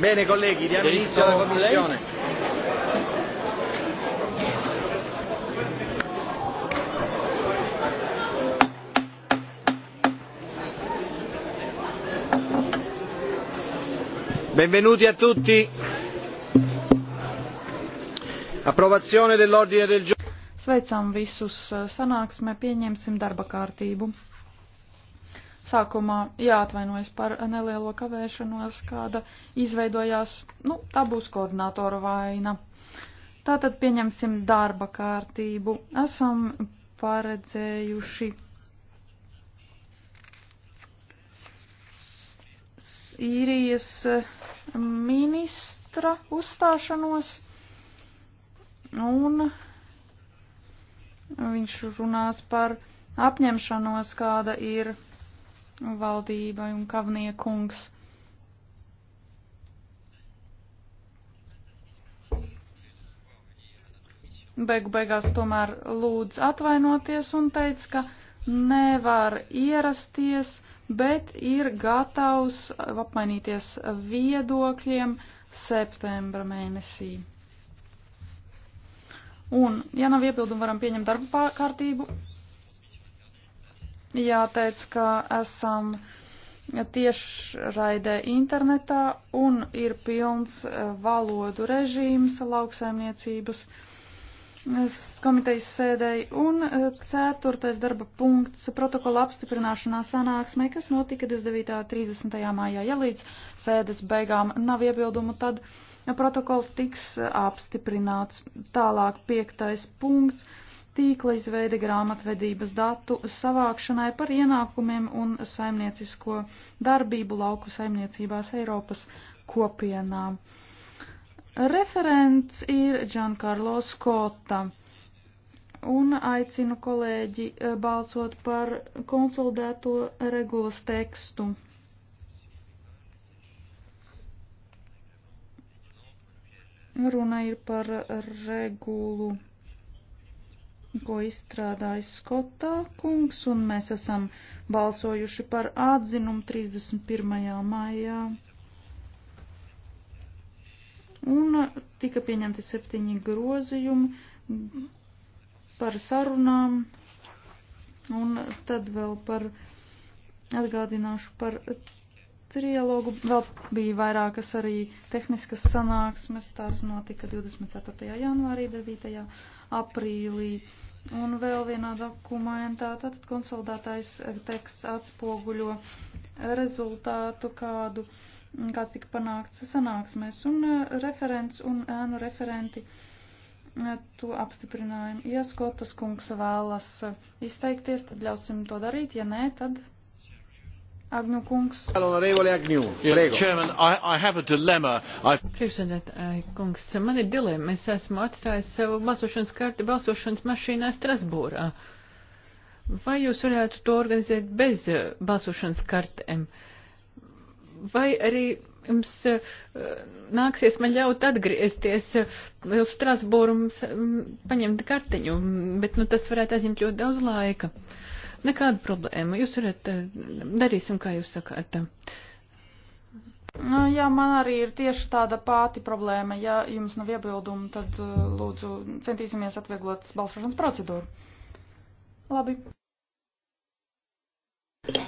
Bene colleghi, diamo inizio alla commissione. Benvenuti a tutti. Approvazione dell'ordine del giorno. Sveicam visus eh, sanāksmē, pieņemsim darba kārtību. Sākumā jāatvainojas par nelielo kavēšanos, kāda izveidojās. Nu, tā būs koordinātora vaina. Tātad pieņemsim darba kārtību. Esam paredzējuši īrijas ministra uzstāšanos un viņš runās par apņemšanos, kāda ir valdībai un kavniekungs. Beigu beigās tomēr lūdz atvainoties un teica, ka nevar ierasties, bet ir gatavs apmainīties viedokļiem septembra mēnesī. Un, ja nav iebildumu, varam pieņemt darba kārtību jāteic, ka esam tiešraidē internetā un ir pilns eh, valodu režīms lauksaimniecības eh, komitejas sēdēji un eh, ceturtais darba punkts protokola apstiprināšanā sanāksmē, kas notika 29.30. mājā. Ja līdz sēdes beigām nav iebildumu, tad protokols tiks apstiprināts. Tālāk piektais punkts tīkla izveide grāmatvedības datu savākšanai par ienākumiem un saimniecisko darbību lauku saimniecībās Eiropas kopienā. Referents ir Giancarlo Skota. Un aicinu kolēģi eh, balsot par konsolidēto regulas tekstu. Runa ir par regulu ko izstrādāja Skotā kungs, un mēs esam balsojuši par atzinumu 31. maijā. Un tika pieņemti septiņi grozījumi par sarunām, un tad vēl par atgādināšu par trialogu. Vēl bija vairākas arī tehniskas sanāksmes. Tās notika 24. janvārī, 9. aprīlī. Un vēl vienā dokumentā tātad konsolidētais teksts atspoguļo rezultātu kādu, kāds tika panākts sanāksmēs. Un e, referents un ēnu referenti e, to apstiprinājumu. Ja Skotas kungs vēlas izteikties, tad ļausim to darīt, ja nē, tad Agņu kungs. Priekšsēdētāji kungs, man ir dilemma. Es esmu atstājis savu balsošanas karti balsošanas mašīnā Strasbūrā. Vai jūs varētu to organizēt bez eh, balsošanas kartēm? Vai arī jums eh, nāksies man ļaut atgriezties eh, uz Strasbūru un mm, mm, paņemt kartiņu, mm, bet nu, tas varētu aizņemt ļoti daudz laika. Uh, Nekāda problēma. Jūs varat, eh, darīsim, kā jūs sakāt. Nu, jā, man arī ir tieši tāda pati problēma. Ja jums nav iebildumu, tad eh, lūdzu centīsimies atvieglot balsošanas procedūru. Labi.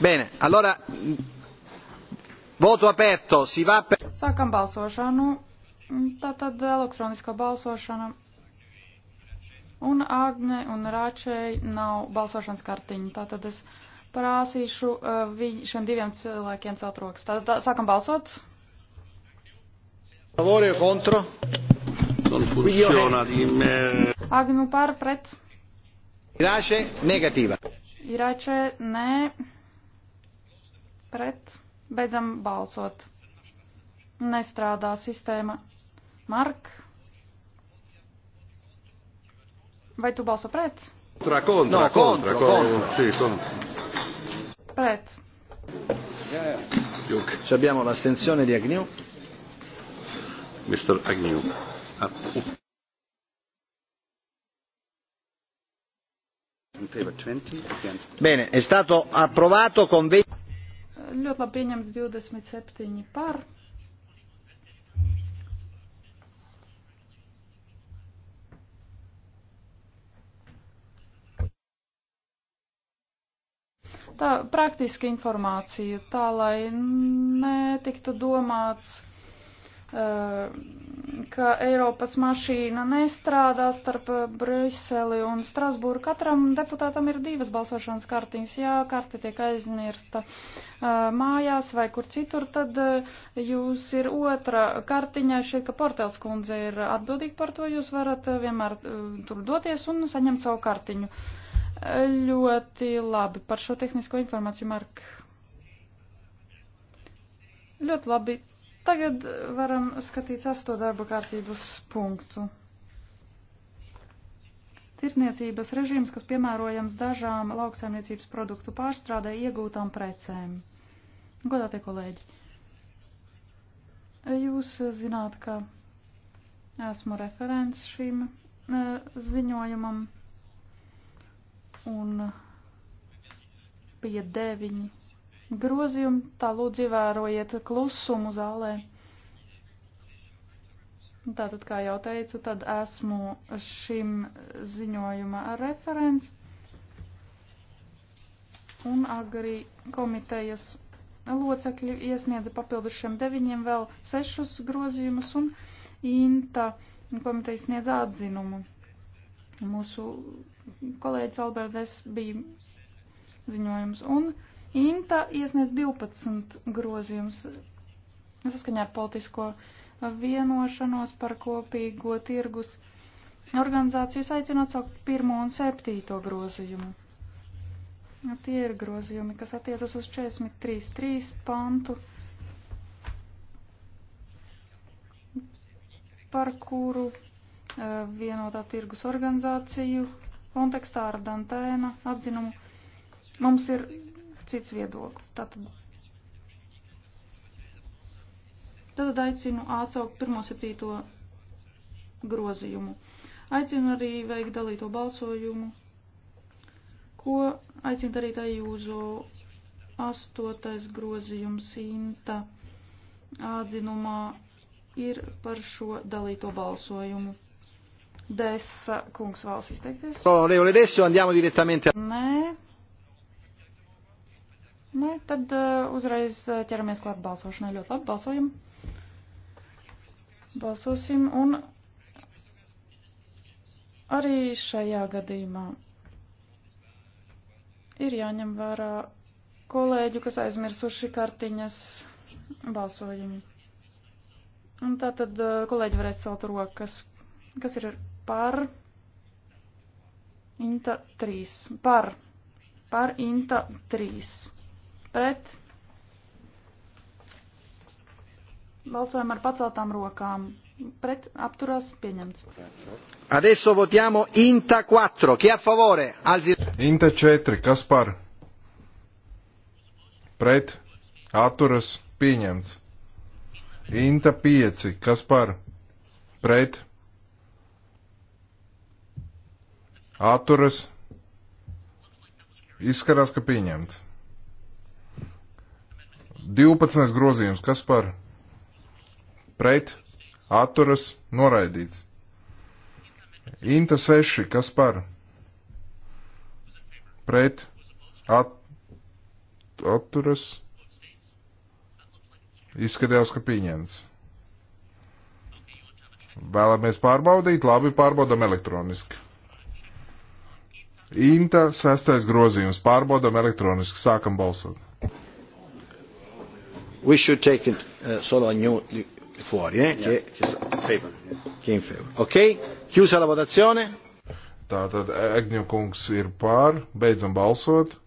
Bene, allora voto aperto, si va per... Sākam balsošanu. Tātad elektronisko balsošanu un Agne un Rāčei nav balsošanas kartiņu. Tātad es prāsīšu uh, viņ, šiem diviem cilvēkiem celt rokas. Tātad tā, sākam balsot. Favore contro. Non funziona di me. Agnu nu, par pret. Irace negatīva. Irace nē. Pret. Beidzam balsot. Nestrādā sistēma. Mark. Vai tu balso pret? Contra, contra, no, contra, contra, contra. Sì, contra. Pret. Yeah, yeah. Ci abbiamo l'astensione di Agnew. Mr. Agnew. Ah. Bene, è stato approvato con 20. Ļoti labi pieņemts 27 par. tā praktiska informācija, tā lai netiktu domāts, eh, ka Eiropas mašīna nestrādā starp eh, Briseli un Strasbūru. Katram deputātam ir divas balsošanas kartiņas. Ja karte tiek aizmirsta eh, mājās vai kur citur, tad jūs ir otra kartiņa. Šeit, ka Portels kundze ir atbildīga par to, jūs varat vienmēr tur doties un saņemt savu kartiņu. Uh, Ļoti labi par šo tehnisko informāciju, Mark. Ļoti labi. Tagad varam skatīt asto darba kārtības punktu. Tirzniecības režīms, kas piemērojams dažām lauksaimniecības produktu pārstrādē iegūtām precēm. Godātie kolēģi, jūs zināt, ka esmu referents šīm eh, ziņojumam un bija deviņi grozījumi, tā lūdzu ievērojiet klusumu zālē. Tātad, kā jau teicu, tad esmu šim ziņojuma referents un agrī komitejas locekļi iesniedza papildus šiem deviņiem vēl sešus grozījumus un Inta komiteja sniedz atzinumu. Mūsu kolēģis Albertes bija ziņojums, un Inta iesniedz 12 grozījums saskaņā ar politisko vienošanos par kopīgo tirgus organizācijas aicinot saukt pirmo un septīto grozījumu. Ja tie ir grozījumi, kas attiecas uz 43.3 pantu, par kuru Uh, vienotā tirgus organizāciju kontekstā ar Dantēna apzinumu. Mums ir cits viedoklis. Tātad, tātad aicinu atsaukt 1.7. grozījumu. Aicinu arī veikt dalīto balsojumu, ko aicinu darīt Ajūzo 8. grozījums Inta atzinumā ir par šo dalīto balsojumu. Desa uh, kungs vēlas izteikties. Onorevole Desio, andiamo direttamente. Nē. Nē, tad uh, uzreiz uh, ķeramies klāt balsošanai. Ļoti labi, balsojam. Balsosim un arī šajā gadījumā ir jāņem vērā kolēģu, kas aizmirsuši kartiņas balsojumu. Un tā tad kolēģi varēs celt rokas. Kas ir par Inta 3. Par. Par Inta 3. Pret. Balsojam ar paceltām rokām. Pret apturās pieņemts. Adesso votiamo Inta 4. Chi a favore? Alzi... Inta 4. Kas par? Pret. Atturas pieņemts. Inta 5. Kas par? Pret. atturas izskatās, ka pieņemts. 12. grozījums, kas par pret atturas noraidīts. Inta 6, kas par pret at, atturas izskatījās, ka pieņemts. Vēlamies pārbaudīt, labi pārbaudam elektroniski. Inta sestais grozījums. Pārbaudam elektroniski. Sākam balsot. We should take it uh, solo a new fuori, eh? Yeah. Che, che sta, favor. Che in favor. Ok? Chiusa la votazione. Tātad Egņu kungs ir pār. Beidzam balsot.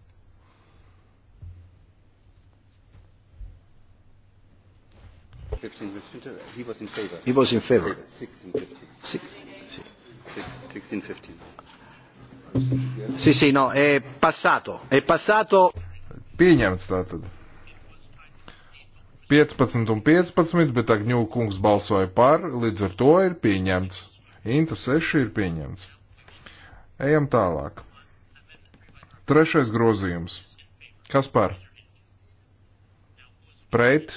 He was in favor. He was in favor. 16, 15. Six. Six. 16, 15. Sì, sì, no, è passato. È passato. Pieņemts tātad. 15 un 15, bet Agņū kungs balsoja par, līdz ar to ir pieņemts. Inta 6 ir pieņemts. Ejam tālāk. Trešais grozījums. Kas par? Pret.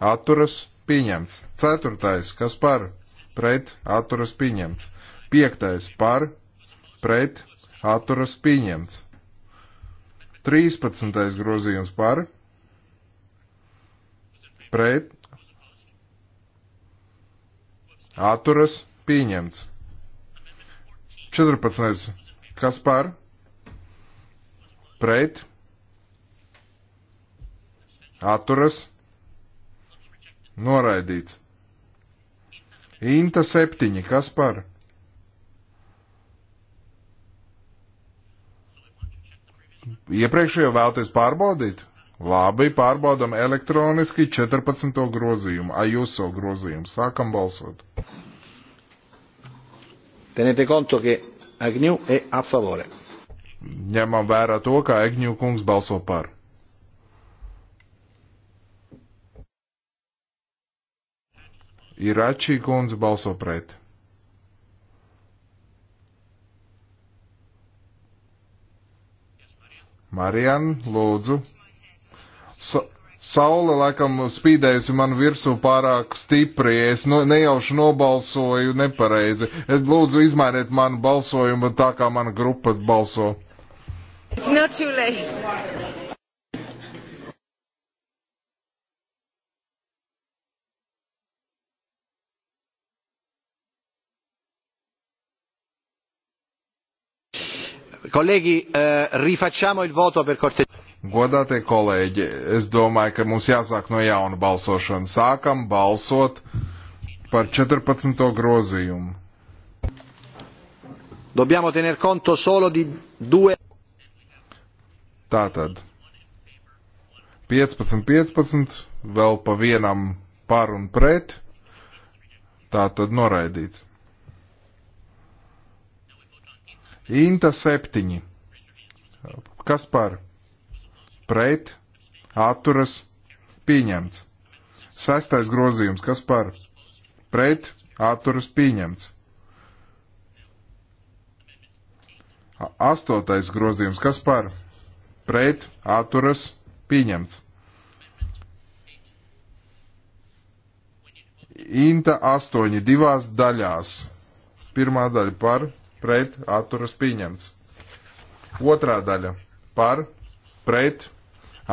Atturas pieņemts. Ceturtais. Kas par? Pret. Atturas pieņemts. Piektais par pret, atturas pieņemts. 13. grozījums par, pret, atturas pieņemts. 14. kas par, pret, atturas noraidīts. Inta 7. kas par, pret. iepriekšējo vēlties pārbaudīt? Labi, pārbaudam elektroniski 14. grozījumu, ajuso grozījumu. Sākam balsot. Tenete conto, ka Agnew e a favore. Ņemam vērā to, ka Agnew kungs balso par. Iračī kundze balso pret. Marian, lūdzu. Sa Saule laikam spīdējusi man virsū pārāk stipri, es no, nejauši nobalsoju nepareizi. Lūdzu, izmainiet manu balsojumu tā, kā mana grupa balso. It's not too late. Kolēģi, uh, eh, rifacciamo il voto per cortesia. Godātie kolēģi, es domāju, ka mums jāsāk no jauna balsošana. Sākam balsot par 14. grozījumu. Dobbiamo tener conto solo di due. Tātad. 15, 15, vēl pa vienam par un pret. Tātad noraidīts. Inta 7. Kas par? Pret, atturas, pieņemts. Sestais grozījums, kas par pret atturas pieņemts. Astotais grozījums, kas par pret atturas pieņemts. Inta astoņi divās daļās. Pirmā daļa par pret atturas pieņemts. Otrā daļa par pret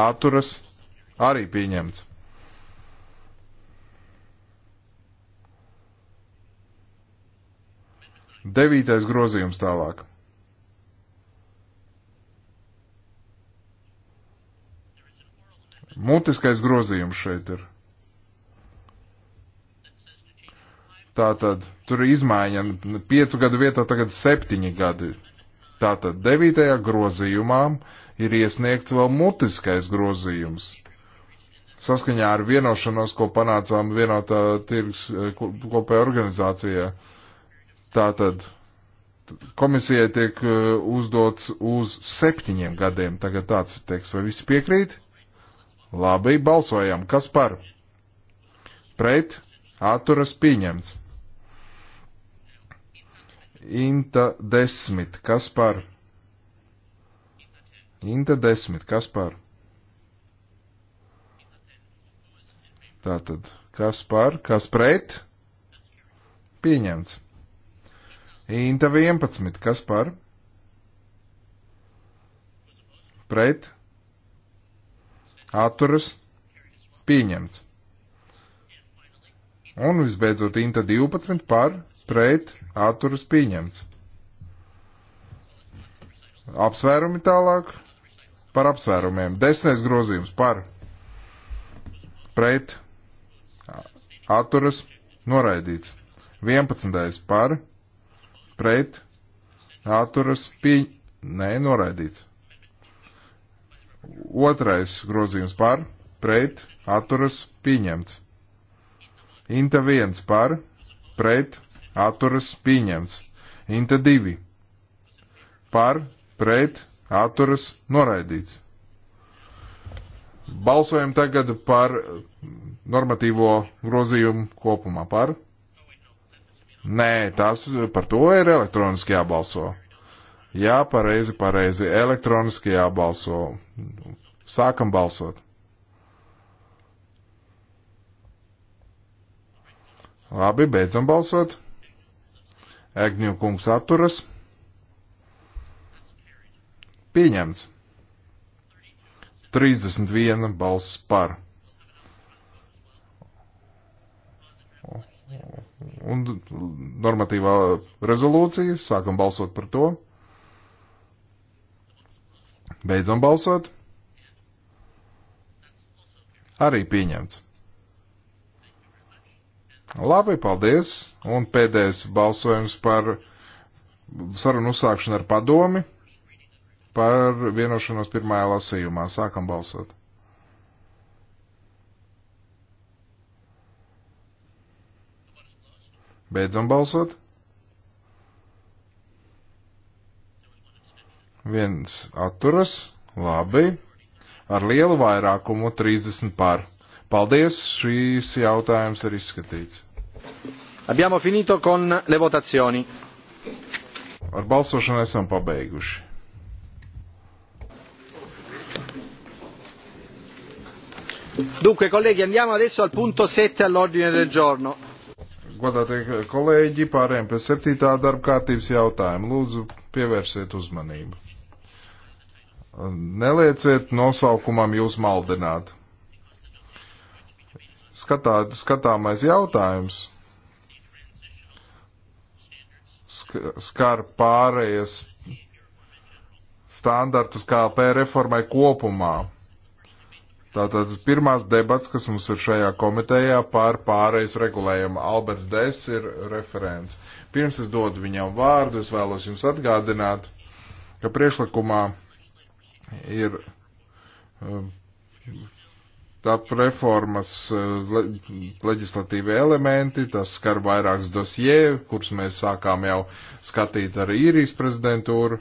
atturas arī pieņemts. Devītais grozījums tālāk. Mutiskais grozījums šeit ir. Tātad tur ir izmaiņa piecu gadu vietā tagad septiņi gadi. Tātad devītajā grozījumā ir iesniegts vēl mutiskais grozījums. Saskaņā ar vienošanos, ko panācām vienotā tirgus eh, kopējā organizācijā. Tātad komisijai tiek eh, uzdots uz septiņiem gadiem. Tagad tāds ir teiks, vai visi piekrīt? Labi, balsojam. Kas par? Pret? Atturas pieņemts. Inta 10, kas par? Inta 10, kas par? Tātad, kas par, kas pret? Pieņemts. Inta 11, kas par? Pret? Atturas? Pieņemts. Un visbeidzot, Inta 12 par pret atturas pieņemts. Apsvērumi tālāk par apsvērumiem. Desmitais grozījums par pret atturas noraidīts. 11. par pret atturas pie... Nē, noraidīts. Otrais grozījums par pret atturas pieņemts. Inta 1 par pret atturas pieņemts. Inta 2 par, pret, atturas noraidīts. Balsojam tagad par normatīvo grozījumu kopumā par. Nē, tas par to ir elektroniski jābalso. Jā, pareizi, pareizi, elektroniski jābalso. Sākam balsot. Labi, beidzam balsot. Egņu kungs atturas. Pieņemts. 31 balss par. Un normatīvā rezolūcija, sākam balsot par to. Beidzam balsot. Arī pieņemts. Labi, paldies. Un pēdējais balsojums par sarunu uzsākšanu ar padomi par vienošanos pirmajā lasījumā. Sākam balsot. Beidzam balsot. Viens atturas. Labi. Ar lielu vairākumu 30 pār. Paldies, šīs jautājums ir izskatīts. Abbiamo finito con le votazioni. Ar balsošanu esam pabeiguši. Dunque, colleghi, andiamo adesso al punto 7 all'ordine del giorno. Godātie kolēģi, pārējiem pie septītā darba kārtības jautājuma. Lūdzu, pievērsiet uzmanību. Nelieciet nosaukumam jūs maldināt skatā, skatāmais jautājums skar pārējas standartus KLP reformai kopumā. Tātad pirmās debats, kas mums ir šajā komitejā pār pārējais regulējumu. Alberts Devs ir referents. Pirms es dodu viņam vārdu, es vēlos jums atgādināt, ka priešlikumā ir um, TAP reformas eh, leģislatīvie elementi, tas skar vairākas dosie, kurus mēs sākām jau skatīt ar īrijas prezidentūru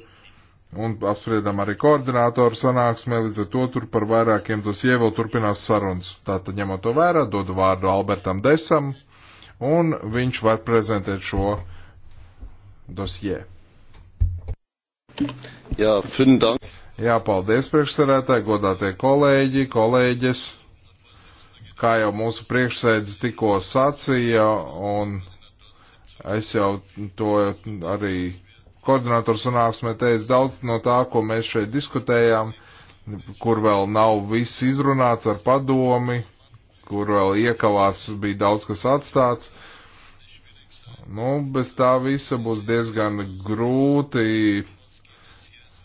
un apspriedām arī koordinātoru sanāksmē, līdz ar to tur par vairākiem dosie vēl turpinās sarunas. Tātad ņemot to vērā, dodu vārdu Albertam Desam, un viņš var prezentēt šo dosie. Jā, Jā, paldies priekšsarētāji, godātie kolēģi, kolēģis kā jau mūsu priekšsēdis tikko sacīja, un es jau to arī koordinatoru sanāksmē teicu, daudz no tā, ko mēs šeit diskutējām, kur vēl nav viss izrunāts ar padomi, kur vēl iekavās bija daudz kas atstāts. Nu, bez tā visa būs diezgan grūti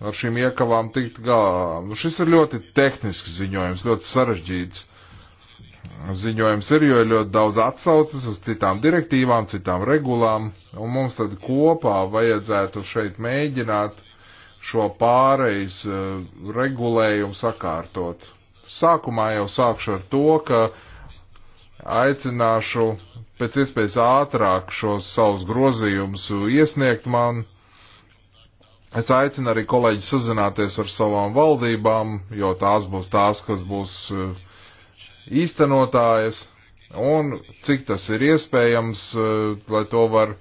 ar šīm iekavām tikt galā. Nu, šis ir ļoti tehnisks ziņojums, ļoti sarežģīts ziņojums ir, jo ir ļoti daudz atsaucas uz citām direktīvām, citām regulām, un mums tad kopā vajadzētu šeit mēģināt šo pārejas e, regulējumu sakārtot. Sākumā jau sākšu ar to, ka aicināšu pēc iespējas ātrāk šos savus grozījumus iesniegt man. Es aicinu arī kolēģi sazināties ar savām valdībām, jo tās būs tās, kas būs uh, īstenotājas un cik tas ir iespējams, eh, lai to var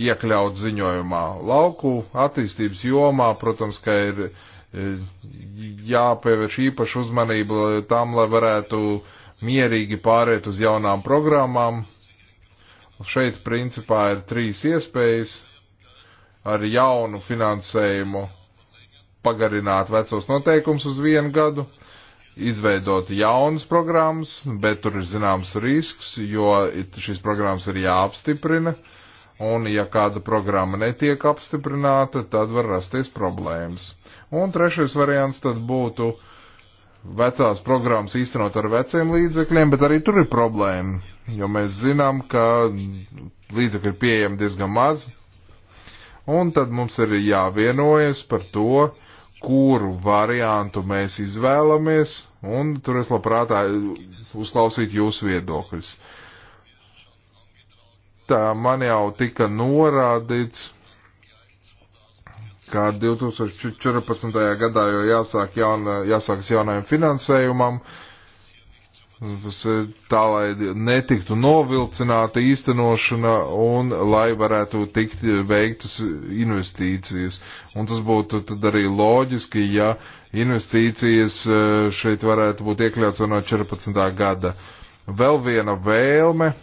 iekļaut ziņojumā. Lauku attīstības jomā, protams, ka ir eh, jāpievērš īpaša uzmanība tam, lai varētu mierīgi pāriet uz jaunām programmām. Šeit principā ir trīs iespējas ar jaunu finansējumu pagarināt vecos noteikums uz vienu gadu, izveidot jaunas programmas, bet tur ir zināms risks, jo šīs programmas ir jāapstiprina, un ja kāda programma netiek apstiprināta, tad var rasties problēmas. Un trešais variants tad būtu vecās programmas īstenot ar veciem līdzekļiem, bet arī tur ir problēma, jo mēs zinām, ka līdzekļi ir pieejami diezgan maz, un tad mums ir jāvienojas par to, kuru variantu mēs izvēlamies, un tur es labprāt uzklausītu jūsu viedokļus. Tā man jau tika norādīts, ka 2014. gadā jau jāsāk jauna, jāsākas jaunajam finansējumam, uh, tā lai netiktu novilcināta īstenošana un lai varētu tikt veiktas investīcijas. Un tas būtu tad arī loģiski, ja investīcijas e, šeit varētu būt iekļauts no 14. gada. Vēl viena vēlme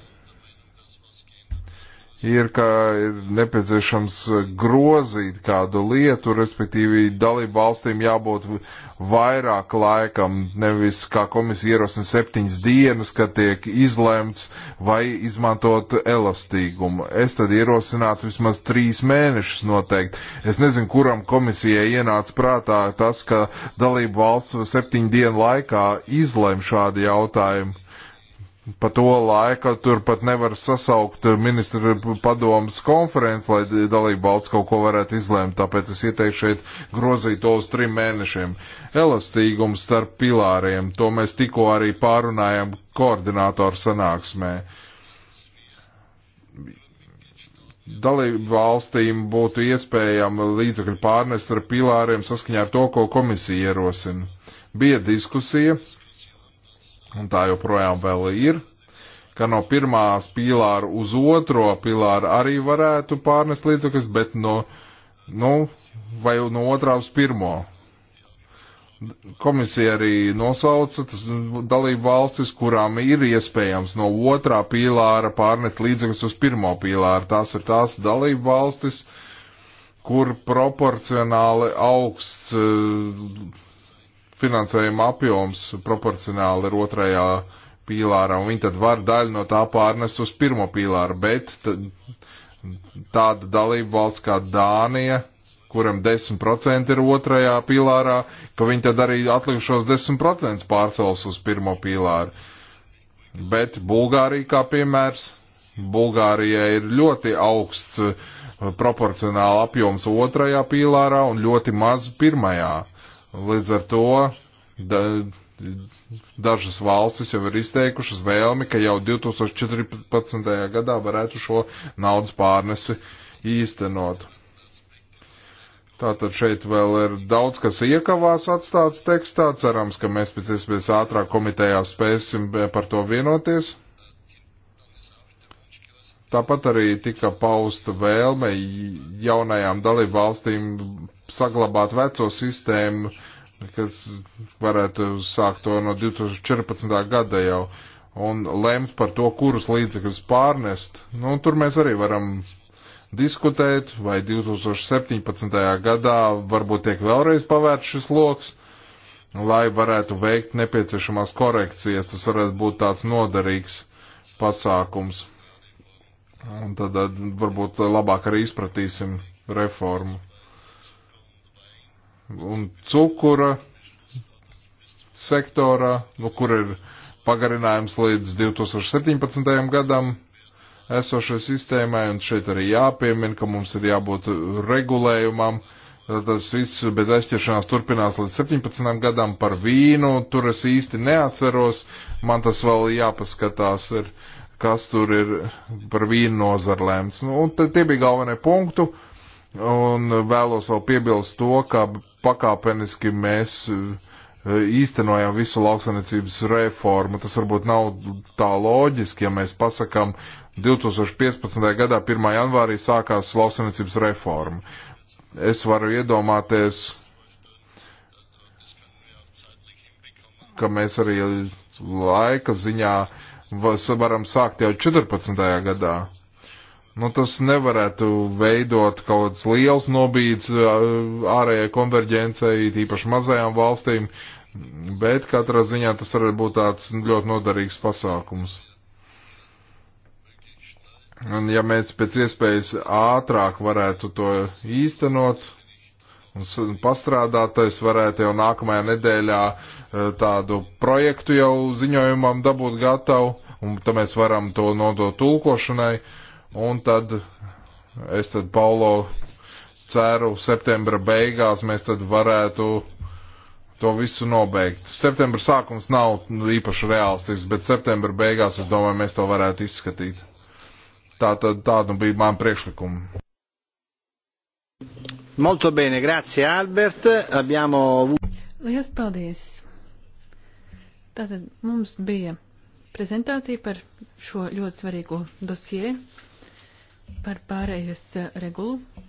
ir, ka ir nepieciešams grozīt kādu lietu, respektīvi dalību valstīm jābūt vairāk laikam, nevis kā komisija ierosina septiņas dienas, kad tiek izlemts vai izmantot elastīgumu. Es tad ierosinātu vismaz trīs mēnešus noteikti. Es nezinu, kuram komisijai ienāca prātā tas, ka dalību valsts septiņu dienu laikā izlem šādu jautājumu pa to laiku tur pat nevar sasaukt ministra padomas konferences, lai dalība valsts kaut ko varētu izlēmt. Tāpēc es ieteikšu šeit grozīt to uz trim mēnešiem. Elastīgums starp pilāriem, to mēs tikko arī pārunājam koordinātoru sanāksmē. Dalību valstīm būtu iespējama līdzekļu pārnest ar pilāriem saskaņā ar to, ko komisija ierosina. Bija diskusija, un tā joprojām vēl ir, ka no pirmās pīlāra uz otro pīlāru arī varētu pārnest līdzekļus, bet no, nu, vai no otrā uz pirmo. Komisija arī nosauca tas dalību valstis, kurām ir iespējams no otrā pīlāra pārnest līdzekļus uz pirmo pīlāru. Tās ir tās dalību valstis, kur proporcionāli augsts uh, finansējuma apjoms proporcionāli ir otrajā pīlārā, un viņi tad var daļu no tā pārnest uz pirmo pīlāru, bet tāda dalība valsts kā Dānija, kuram 10% ir otrajā pīlārā, ka viņi tad arī atlikušos 10% pārcels uz pirmo pīlāru. Bet Bulgārija kā piemērs, Bulgārija ir ļoti augsts eh, proporcionāli apjoms otrajā pīlārā un ļoti maz pirmajā. Uh, Līdz ar to da, dažas valstis jau ir izteikušas vēlmi, ka jau 2014. gadā varētu šo naudas pārnesi īstenot. Tātad šeit vēl ir daudz, kas iekavās atstāts tekstā. Cerams, ka mēs pēc iespējas ātrāk komitejā spēsim par to vienoties. Tāpat arī tika pausta vēlme jaunajām dalību valstīm saglabāt veco sistēmu, kas varētu sākt to no 2014. gada jau, un lemt par to, kurus līdzekļus pārnest. Nu, tur mēs arī varam diskutēt, vai 2017. gadā varbūt tiek vēlreiz pavērts šis loks, lai varētu veikt nepieciešamās korekcijas. Tas varētu būt tāds noderīgs pasākums. Un tad varbūt labāk arī izpratīsim reformu un cukura sektorā, nu, kur ir pagarinājums līdz 2017. gadam esošai sistēmai, un šeit arī jāpiemina, ka mums ir jābūt regulējumam. Tas viss bez aizķeršanās turpinās līdz 17 gadam par vīnu, tur es īsti neatceros, man tas vēl jāpaskatās, ir, kas tur ir par vīnu nozarlēmts. Nu, tie bija galvenie punktu. Uh, Un vēlos vēl piebilst to, ka pakāpeniski mēs e, īstenojam visu lauksaimniecības reformu. Tas varbūt nav tā loģiski, ja mēs pasakam, 2015. gadā 1. janvārī sākās lauksaimniecības reforma. Es varu iedomāties, ka mēs arī laika ziņā varam sākt jau 14. gadā. Nu, tas nevarētu veidot kaut kāds liels nobīdes ārējai konverģencei, tīpaši mazajām valstīm, bet katrā ziņā tas var būt tāds ļoti noderīgs pasākums. Un ja mēs pēc iespējas ātrāk varētu to īstenot un pastrādāt, tad es varētu jau nākamajā nedēļā tādu projektu jau ziņojumam dabūt gatavu, un tad mēs varam to nodot tulkošanai. Uh, Un tad es tad Paulo ceru septembra beigās mēs tad varētu to visu nobeigt. Septembra sākums nav īpaši realistisks, bet septembra beigās es domāju, mēs to varētu izskatīt. Tā tad tādu bija man priekšlikumu. Molto bene, grazie Albert. Abbiamo... Lielas paldies. Tātad mums bija prezentācija par šo ļoti svarīgo dosieru par pārējas eh, regulu.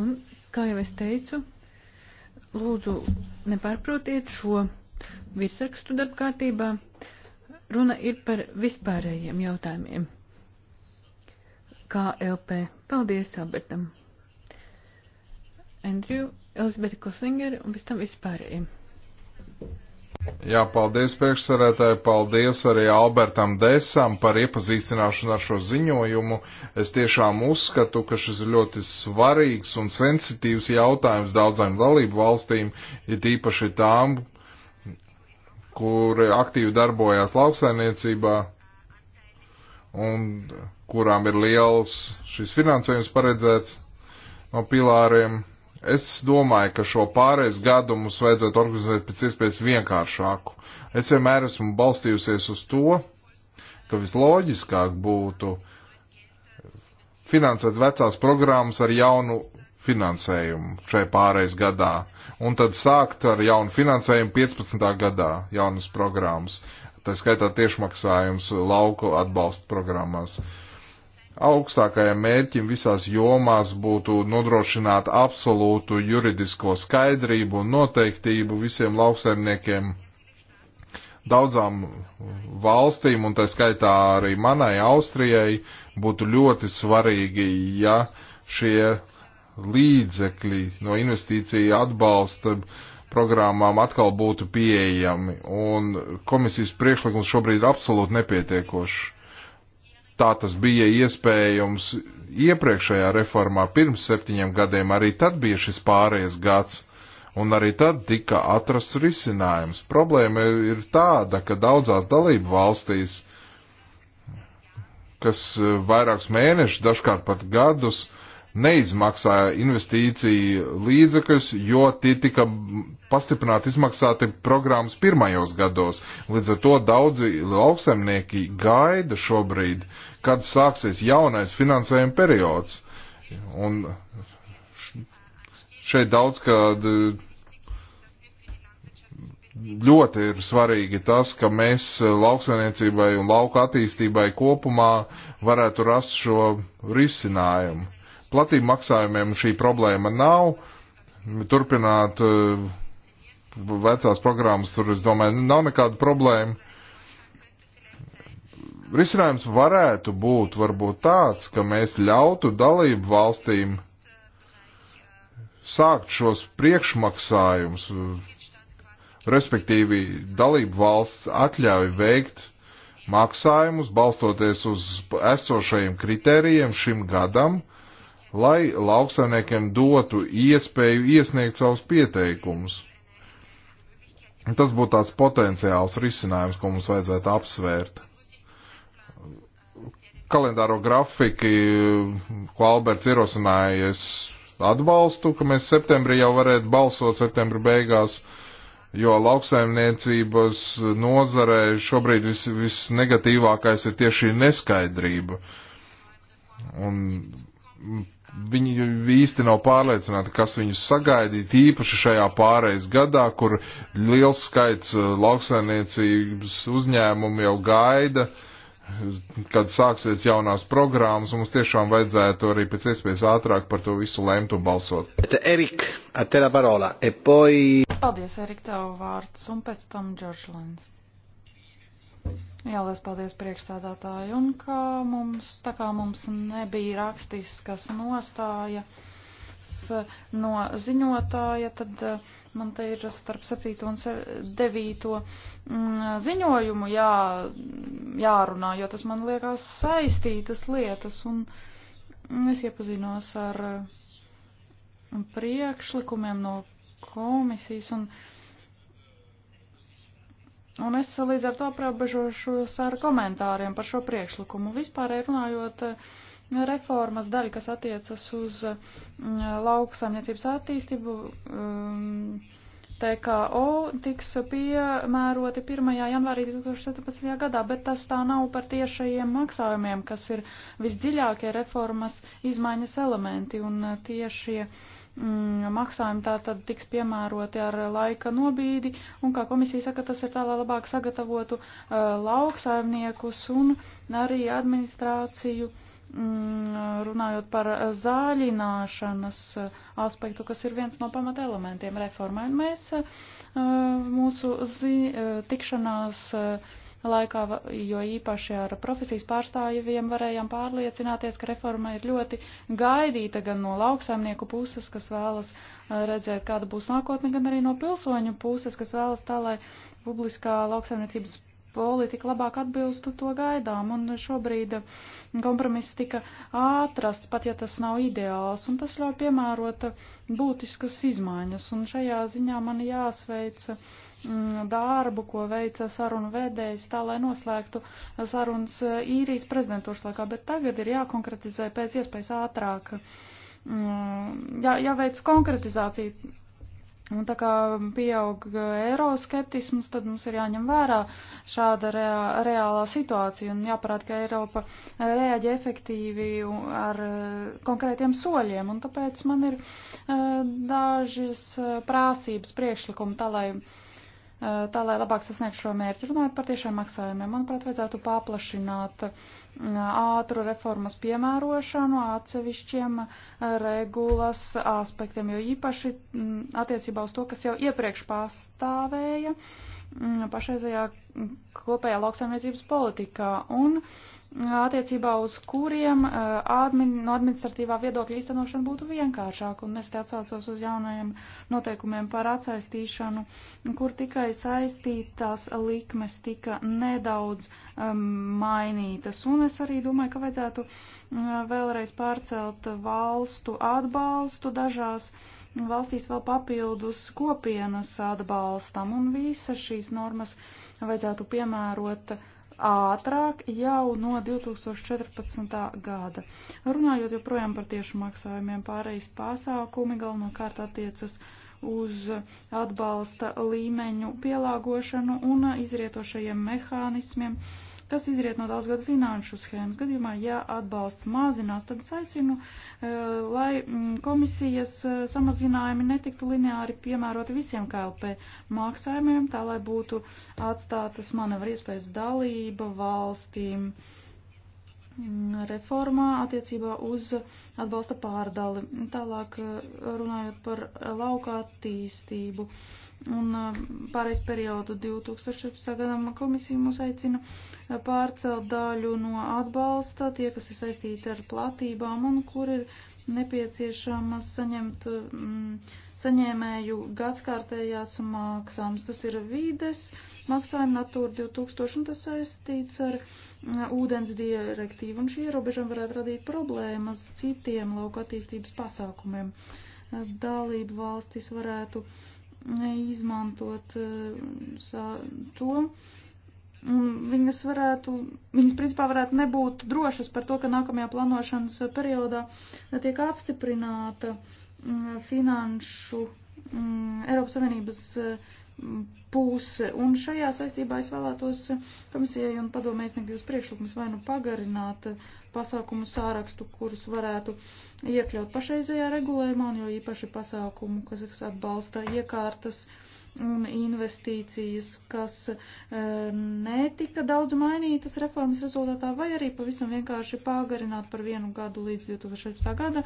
Un, kā jau es teicu, lūdzu nepārprotiet šo virsrakstu darbkārtībā. Runa ir par vispārējiem jautājumiem. KLP. Paldies, Albertam. Andriju, Elizabeti Koslinger un pēc tam vispārējiem. Jā, paldies priekšsarētāji, paldies arī Albertam Desam par iepazīstināšanu ar šo ziņojumu. Es tiešām uzskatu, ka šis ir ļoti svarīgs un sensitīvs jautājums daudzām dalību valstīm, ir tīpaši tām, kuri aktīvi darbojās lauksainiecībā un kurām ir liels šis finansējums paredzēts no pilāriem Es domāju, ka šo pārējais gadu mums vajadzētu organizēt pēc iespējas vienkāršāku. Es vienmēr esmu balstījusies uz to, ka visloģiskāk būtu finansēt vecās programmas ar jaunu finansējumu šai pārējais gadā. Un tad sākt ar jaunu finansējumu 15. gadā jaunas programmas. Tā skaitā tiešmaksājums lauku atbalsta programmās. Uh, augstākajam mērķim visās jomās būtu nodrošināt absolūtu juridisko skaidrību un noteiktību visiem lauksaimniekiem daudzām valstīm, un tā skaitā arī manai Austrijai, būtu ļoti svarīgi, ja šie līdzekļi no investīcija atbalsta programmām atkal būtu pieejami, un komisijas priekšlikums šobrīd ir absolūti nepietiekošs tā tas bija iespējams iepriekšējā reformā pirms septiņiem gadiem, arī tad bija šis pārējais gads, un arī tad tika atrasts risinājums. Problēma ir tāda, ka daudzās dalību valstīs, kas vairākus mēnešus, dažkārt pat gadus, uh, neizmaksāja investīciju līdzekļus, jo tie tika pastiprināti izmaksāti programmas pirmajos gados. Līdz ar to daudzi lauksemnieki gaida šobrīd, kad sāksies jaunais finansējuma periods. Un šeit daudz, kad ļoti ir svarīgi tas, ka mēs lauksainiecībai un lauka attīstībai kopumā varētu rast šo risinājumu platību maksājumiem šī problēma nav. Turpināt eh, vecās programmas, tur, es domāju, nav nekāda problēma. Risinājums varētu būt varbūt tāds, ka mēs ļautu dalību valstīm sākt šos priekšmaksājumus, respektīvi dalību valsts atļauj veikt maksājumus balstoties uz esošajiem kritērijiem šim gadam, lai lauksaimniekiem dotu iespēju iesniegt savus pieteikumus. Tas būtu tāds potenciāls risinājums, ko mums vajadzētu apsvērt. Kalendāro grafiki, ko Alberts ierosināja, es atbalstu, ka mēs septembrī jau varētu balsot septembra beigās, jo lauksaimniecības nozarē šobrīd vis, visnegatīvākais ir tieši neskaidrība. Un Viņi īsti nav pārliecināti, kas viņus sagaidīja, tīpaši šajā pārejas gadā, kur liels skaits uh, lauksainiecības uzņēmumu jau gaida, kad sāksies jaunās programmas, un mums tiešām vajadzētu arī pēc iespējas ātrāk par to visu lemt un balsot. Erik, a te la parola, e poi... Paldies, Erik, tev vārds, un pēc tam Džordžlands. Jā, liels paldies priekšsādātāji, un kā mums, tā kā mums nebija rakstiskas nostājas no ziņotāja, tad eh, man te ir starp 7 un 9 mm, ziņojumu jā, jārunā, jo tas man liekas saistītas lietas, un es iepazinos ar eh, priekšlikumiem no komisijas, un Un es līdz ar to aprobežošos ar komentāriem par šo priekšlikumu. Vispārēji runājot, reformas daļa, kas attiecas uz mm, lauksaimniecības attīstību, mm, TKO tiks piemēroti 1. janvārī 2017. gadā, bet tas tā nav par tiešajiem maksājumiem, kas ir visdziļākie reformas izmaiņas elementi un tiešie. Ja Mm, maksājumi tā tad tiks piemēroti ar laika nobīdi, un kā komisija saka, tas ir tā, lai labāk sagatavotu uh, lauksaimniekus un arī administrāciju, mm, runājot par zāļināšanas uh, aspektu, kas ir viens no pamata elementiem reformai. Un mēs uh, mūsu zi, uh, tikšanās uh, laikā, jo īpaši ar profesijas pārstāvjiem varējām pārliecināties, ka reforma ir ļoti gaidīta gan no lauksaimnieku puses, kas vēlas uh, redzēt, kāda būs nākotne, gan arī no pilsoņu puses, kas vēlas tā, lai publiskā lauksaimniecības politika labāk atbilstu to gaidām, un šobrīd kompromiss tika atrasts, pat ja tas nav ideāls, un tas ļauj piemērot būtiskas izmaiņas, un šajā ziņā man jāsveic mm, darbu, ko veica sarunu vēdējs, tā lai noslēgtu sarunas īrijas prezidentūras laikā, bet tagad ir jākonkretizē pēc iespējas ātrāk, mm, jā, jāveic konkretizācija Un tā kā pieaug eiroskeptisms, tad mums ir jāņem vērā šāda rea, reālā situācija un jāparāda, ka Eiropa reaģē efektīvi ar e, konkrētiem soļiem. Un tāpēc man ir e, dažas e, prāsības priekšlikumi tā, lai Uh, tā lai labāk sasniegtu šo mērķi. Runājot par tiešām maksājumiem, manuprāt, vajadzētu paplašināt uh, ātru reformas piemērošanu atsevišķiem uh, regulas aspektiem, jo īpaši mm, attiecībā uz to, kas jau iepriekš pastāvēja mm, pašreizajā mm, kopējā lauksaimniecības politikā. Un attiecībā uz kuriem eh, admin, no administratīvā viedokļa īstenošana būtu vienkāršāka, un es te atsaucos uz jaunajiem noteikumiem par atsaistīšanu, kur tikai saistītās likmes tika nedaudz um, mainītas, un es arī domāju, ka vajadzētu um, vēlreiz pārcelt valstu atbalstu dažās valstīs vēl papildus kopienas atbalstam, un visas šīs normas vajadzētu piemērot uh, ātrāk jau no 2014. gada. Runājot joprojām par tiešu maksājumiem, pārējais pasākumi galvenokārt attiecas uz atbalsta līmeņu pielāgošanu un izrietošajiem mehānismiem, uh, kas izriet no daudzgadu finanšu schēmas. Gadījumā, ja atbalsts mazinās, tad es aicinu, e, lai mm, komisijas e, samazinājumi netiktu lineāri piemēroti visiem KLP maksājumiem, tā lai būtu atstātas manevra iespējas dalība valstīm mm, reformā attiecībā uz atbalsta pārdali. Tālāk e, runājot par lauka attīstību. Uh, un uh, pārējais periodu 2014. gadam komisija mūs aicina uh, pārcelt daļu no atbalsta tie, kas ir saistīti ar platībām un kur ir nepieciešamas saņemt mm, saņēmēju gadskārtējās maksājumus. Tas ir vīdes maksājumi Natūra 2000 un tas saistīts ar mm, ūdens direktīvu un šī ierobežama varētu radīt problēmas citiem lauka attīstības pasākumiem. Dalību valstis varētu uh, izmantot eh, sā, to. Viņas varētu, viņas principā varētu nebūt drošas par to, ka nākamajā plānošanas periodā tiek apstiprināta mm, finanšu mm, Eiropas Savienības mm, puse. Un šajā saistībā es vēlētos komisijai un padomē iesniegt divus priekšlikumus vai nu pagarināt pasākumu sārakstu, kurus varētu iekļaut pašreizējā regulējumā, un jo īpaši pasākumu, kas atbalsta iekārtas. Uh, un investīcijas, kas eh, netika daudz mainītas reformas rezultātā, vai arī pavisam vienkārši pāgarināt par vienu gadu līdz 2016. gada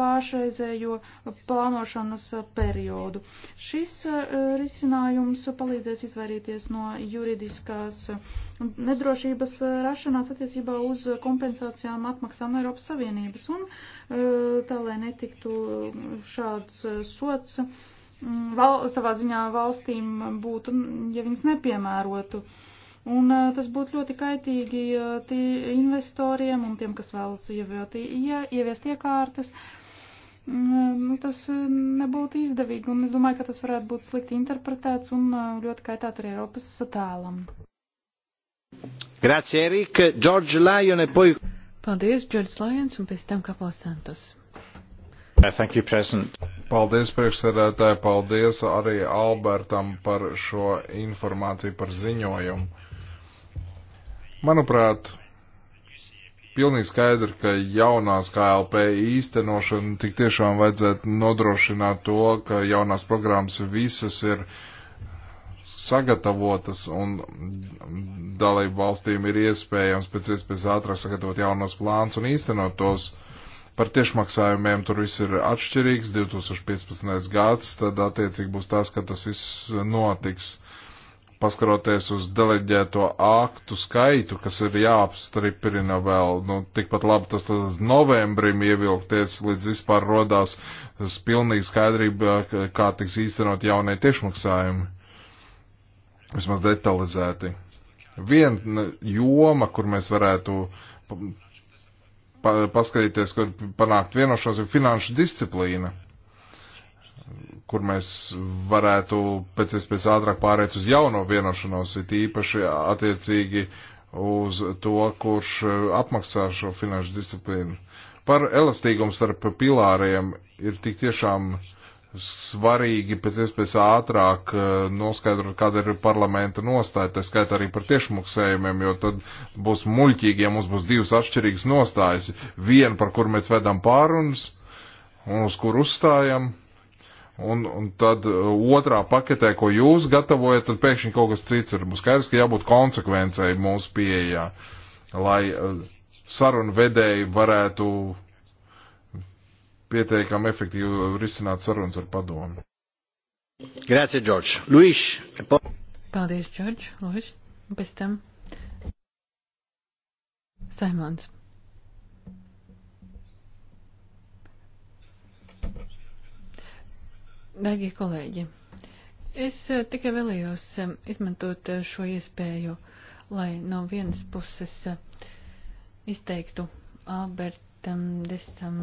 pāršreizējo plānošanas periodu. Šis eh, risinājums palīdzēs izvairīties no juridiskās nedrošības rašanās attiecībā uz kompensācijām atmaksām no Eiropas Savienības un eh, tā, lai netiktu šāds sots val, savā ziņā valstīm būtu, ja viņas nepiemērotu. Un eh, tas būtu ļoti kaitīgi eh, investoriem un tiem, kas vēlas ieviet, ie, ieviest iekārtas. Mm, eh, nu, tas nebūtu izdevīgi, un es domāju, ka tas varētu būt slikti interpretēts un ļoti kaitētu arī Eiropas tēlam. Grazie, Erik. George Lyon, e poi... Paldies, George Lyons, un pēc tam Kapels Santos. Thank you, President. Paldies priekšsēdētāji, paldies arī Albertam par šo informāciju, par ziņojumu. Manuprāt, pilnīgi skaidri, ka jaunās KLP īstenošana tik tiešām vajadzētu nodrošināt to, ka jaunās programmas visas ir sagatavotas un dalību valstīm ir iespējams pēc iespējas ātrāk sagatavot jaunos plāns un īstenot tos. Par tiešmaksājumiem tur viss ir atšķirīgs, 2015. gads, tad attiecīgi būs tas, ka tas viss notiks. Paskaroties uz deleģēto aktu skaitu, kas ir jāapstriprina vēl, nu, tikpat labi tas tas novembrim ievilkties, līdz vispār rodās pilnīgi skaidrība, kā tiks īstenot jaunie tiešmaksājumi. Vismaz detalizēti viena joma, kur mēs varētu pa, paskatīties, kur panākt vienošanos, ir finanšu disciplīna, kur mēs varētu pēc iespējas ātrāk pārēt uz jauno vienošanos, it īpaši attiecīgi uz to, kurš apmaksā šo finanšu disciplīnu. Par elastīgumu starp pilāriem ir tik tiešām uh, svarīgi pēc iespējas ātrāk eh, noskaidrot, kāda ir parlamenta nostāja, tā skaitā arī par tiešmaksājumiem, jo tad būs muļķīgi, ja mums būs divas atšķirīgas nostājas. Viena, par kur mēs vedam pārunas un uz kur uzstājam, un, un tad eh, otrā paketē, ko jūs gatavojat, tad pēkšņi kaut kas cits ir. Būs skaidrs, ka jābūt konsekvencei mūsu pieejā, lai eh, sarunu vedēji varētu pietiekami efektīvi risināt sarunas ar padomu. Grācie, Džordž. Luīš. Po... Paldies, Džordž. Luīš. Pēc tam Saimons. Darbie kolēģi, es eh, tikai vēlējos eh, izmantot eh, šo iespēju, lai no vienas puses izteiktu Albertam Desam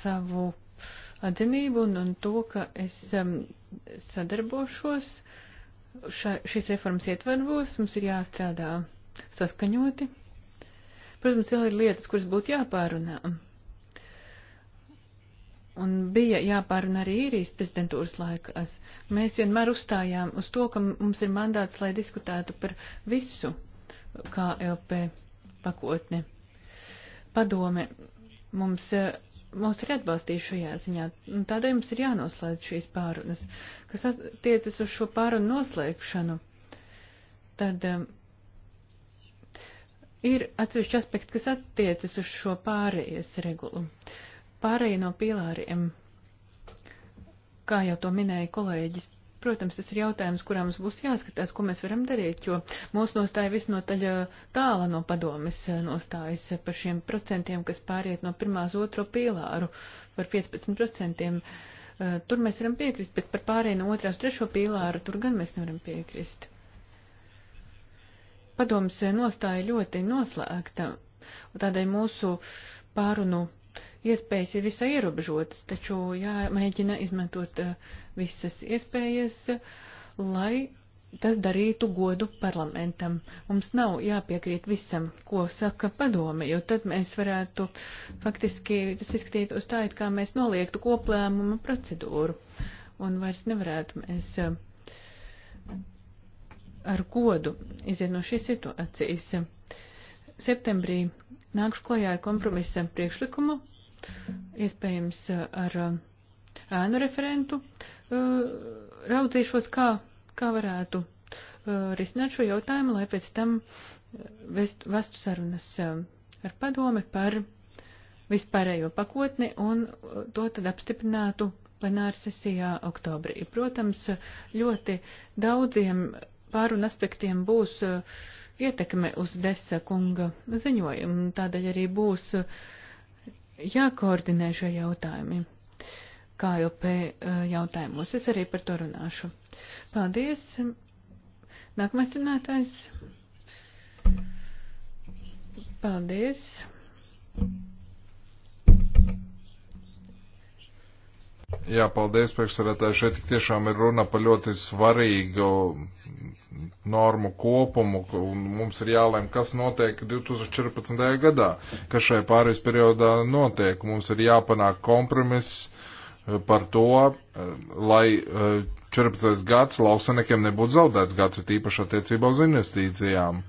savu atzinību un, un to, ka es um, sadarbošos ša, šīs reformas ietvaros, mums ir jāstrādā saskaņoti. Protams, vēl ir lietas, kuras būtu jāpārunā. Un bija jāpārunā arī īrijas prezidentūras laikās. Mēs vienmēr uzstājām uz to, ka mums ir mandāts, lai diskutētu par visu KLP pakotni. Padome mums mūs arī atbalstīs šajā ziņā. Un tādēļ mums ir jānoslēdz šīs pārunas. Kas attiecas uz šo pārunu noslēgšanu, tad um, ir atsevišķi aspekti, kas attiecas uz šo pārējas regulu. Pārēja no pīlāriem, kā jau to minēja kolēģis Protams, tas ir jautājums, kurā mums būs jāskatās, ko mēs varam darīt, jo mūsu nostāja visnotaļ tāla no padomes nostājas par šiem procentiem, kas pāriet no pirmās otro pīlāru par 15%. Tur mēs varam piekrist, bet par pārēju no otrās trešo pīlāru tur gan mēs nevaram piekrist. Padoms nostāja ļoti noslēgta, un tādēļ mūsu pārunu iespējas ir visai ierobežotas, taču jāmēģina izmantot eh, visas iespējas, lai tas darītu godu parlamentam. Mums nav jāpiekrīt visam, ko saka padome, jo tad mēs varētu faktiski tas izskatītos tā, it kā mēs noliektu koplēmuma procedūru. Un vairs nevarētu mēs eh, ar godu iziet no šīs situācijas septembrī nākšu klajā ar kompromisa priekšlikumu, iespējams ar uh, ēnu referentu. Uh, raudzīšos, kā, kā varētu uh, risināt šo jautājumu, lai pēc tam vest, vestu sarunas ar padomi par vispārējo pakotni un to tad apstiprinātu plenāra sesijā oktobrī. Protams, ļoti daudziem pārun aspektiem būs uh, ietekme uz Desa kunga ziņojumu, tādēļ arī būs jākoordinē šie jautājumi. KLP eh, jautājumos. Es arī par to runāšu. Paldies. Nākamais runātājs. Paldies. Jā, paldies, priekšsarētāji. Šeit tiešām ir runa par ļoti svarīgu normu kopumu, un mums ir jālēm, kas notiek 2014. gadā, kas šai pārējais periodā notiek. Mums ir jāpanāk kompromiss eh, par to, eh, lai 14. Eh, gads lauksaniekiem nebūtu zaudēts gads, ir īpaši attiecībā uz investīcijām.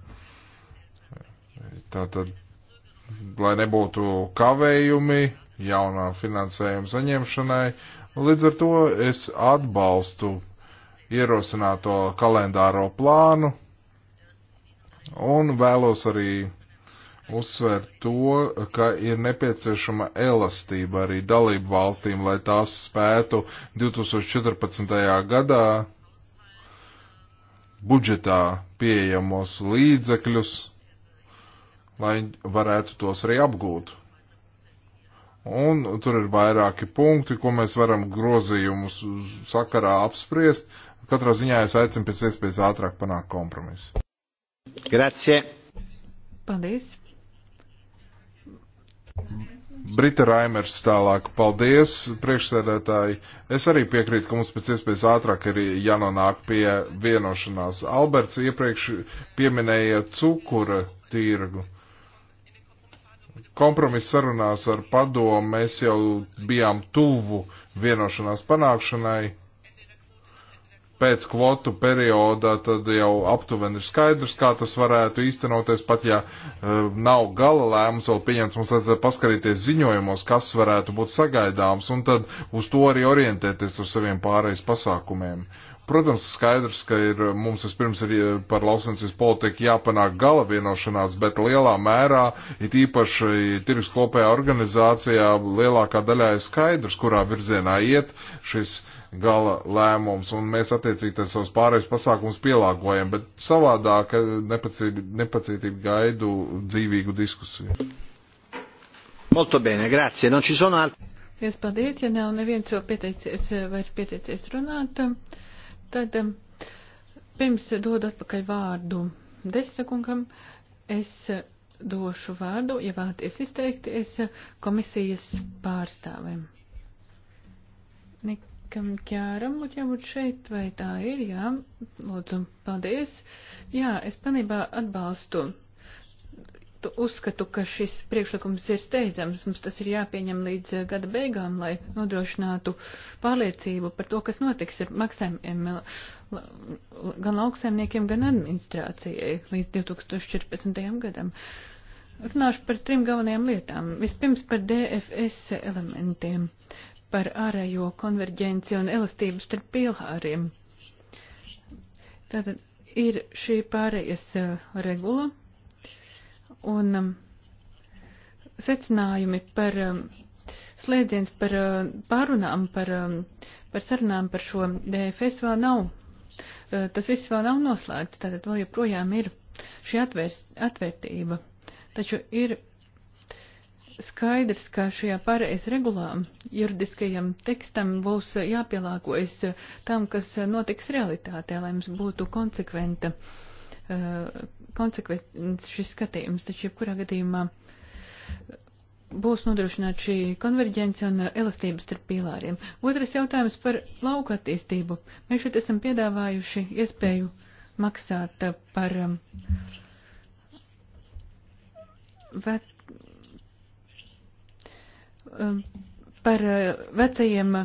Tātad, lai nebūtu kavējumi jaunā finansējuma saņemšanai, līdz ar to es atbalstu ierosināto kalendāro plānu un vēlos arī uzsvērt to, ka ir nepieciešama elastība arī dalību valstīm, lai tās spētu 2014. gadā budžetā pieejamos līdzekļus, lai varētu tos arī apgūt. Un tur ir vairāki punkti, ko mēs varam grozījumus sakarā apspriest, katrā ziņā es aicinu pēc iespējas ātrāk panākt kompromisu. Grazie. Paldies. Brita Raimers tālāk. Paldies, priekšsēdētāji. Es arī piekrītu, ka mums pēc iespējas ātrāk ir jānonāk pie vienošanās. Alberts iepriekš pieminēja cukura tirgu. Kompromiss sarunās ar padomu mēs jau bijām tuvu vienošanās panākšanai pēc kvotu perioda, tad jau aptuveni ir skaidrs, kā tas varētu īstenoties, pat ja uh, nav gala lēmums vēl pieņemts, mums vajadzētu paskatīties ziņojumos, kas varētu būt sagaidāms, un tad uz to arī orientēties ar saviem pārējais pasākumiem. Protams, skaidrs, ka ir, mums vispirms ir eh, par lauksaimniecības politiku jāpanāk gala vienošanās, bet lielā mērā, it īpaši tirgus kopējā organizācijā, lielākā daļā ir skaidrs, kurā virzienā iet šis uh, gala lēmums, un mēs attiecīgi tad savus pārējus pasākumus pielāgojam, bet savādāk eh, nepacietību gaidu dzīvīgu diskusiju. Molto bene, grazie. Non ci sono altri. Es paldies, ja nav neviens jau pieteicies, eh, vairs pieteicies runāt, tad eh, pirms dodu atpakaļ vārdu desakungam, es došu vārdu, ja vēlaties izteikties, komisijas pārstāvim. Nik kam ķēram, lūdzu, jābūt šeit, vai tā ir, jā, lūdzu, paldies. Jā, es pilnībā atbalstu. Tu uzskatu, ka šis priekšlikums ir steidzams, mums tas ir jāpieņem līdz eh, gada beigām, lai nodrošinātu pārliecību par to, kas notiks ar maksājumiem gan lauksaimniekiem, gan administrācijai līdz 2014. gadam. Runāšu par trim galvenajām lietām. Vispirms par DFS elementiem. Uh, par ārējo konverģenci un elastību starp pilāriem. Tātad ir šī pārējas eh, regula un um, secinājumi par um, slēdziens par eh, pārunām, par, um, par sarunām par šo DFS vēl nav. Eh, tas viss vēl nav noslēgts, tātad vēl joprojām ir šī atvērs, atvērtība. Taču ir skaidrs, ka šajā pārējais regulā juridiskajam tekstam būs jāpielāgojas tam, kas notiks realitātē, lai mums būtu konsekventa, eh, konsekvents šis skatījums. Taču, jebkurā gadījumā būs nodrošināta šī konverģence un elastība starp pīlāriem. Otrais jautājums par lauku attīstību. Mēs šeit esam piedāvājuši iespēju maksāt par eh, vet, Um, par uh, vecajiem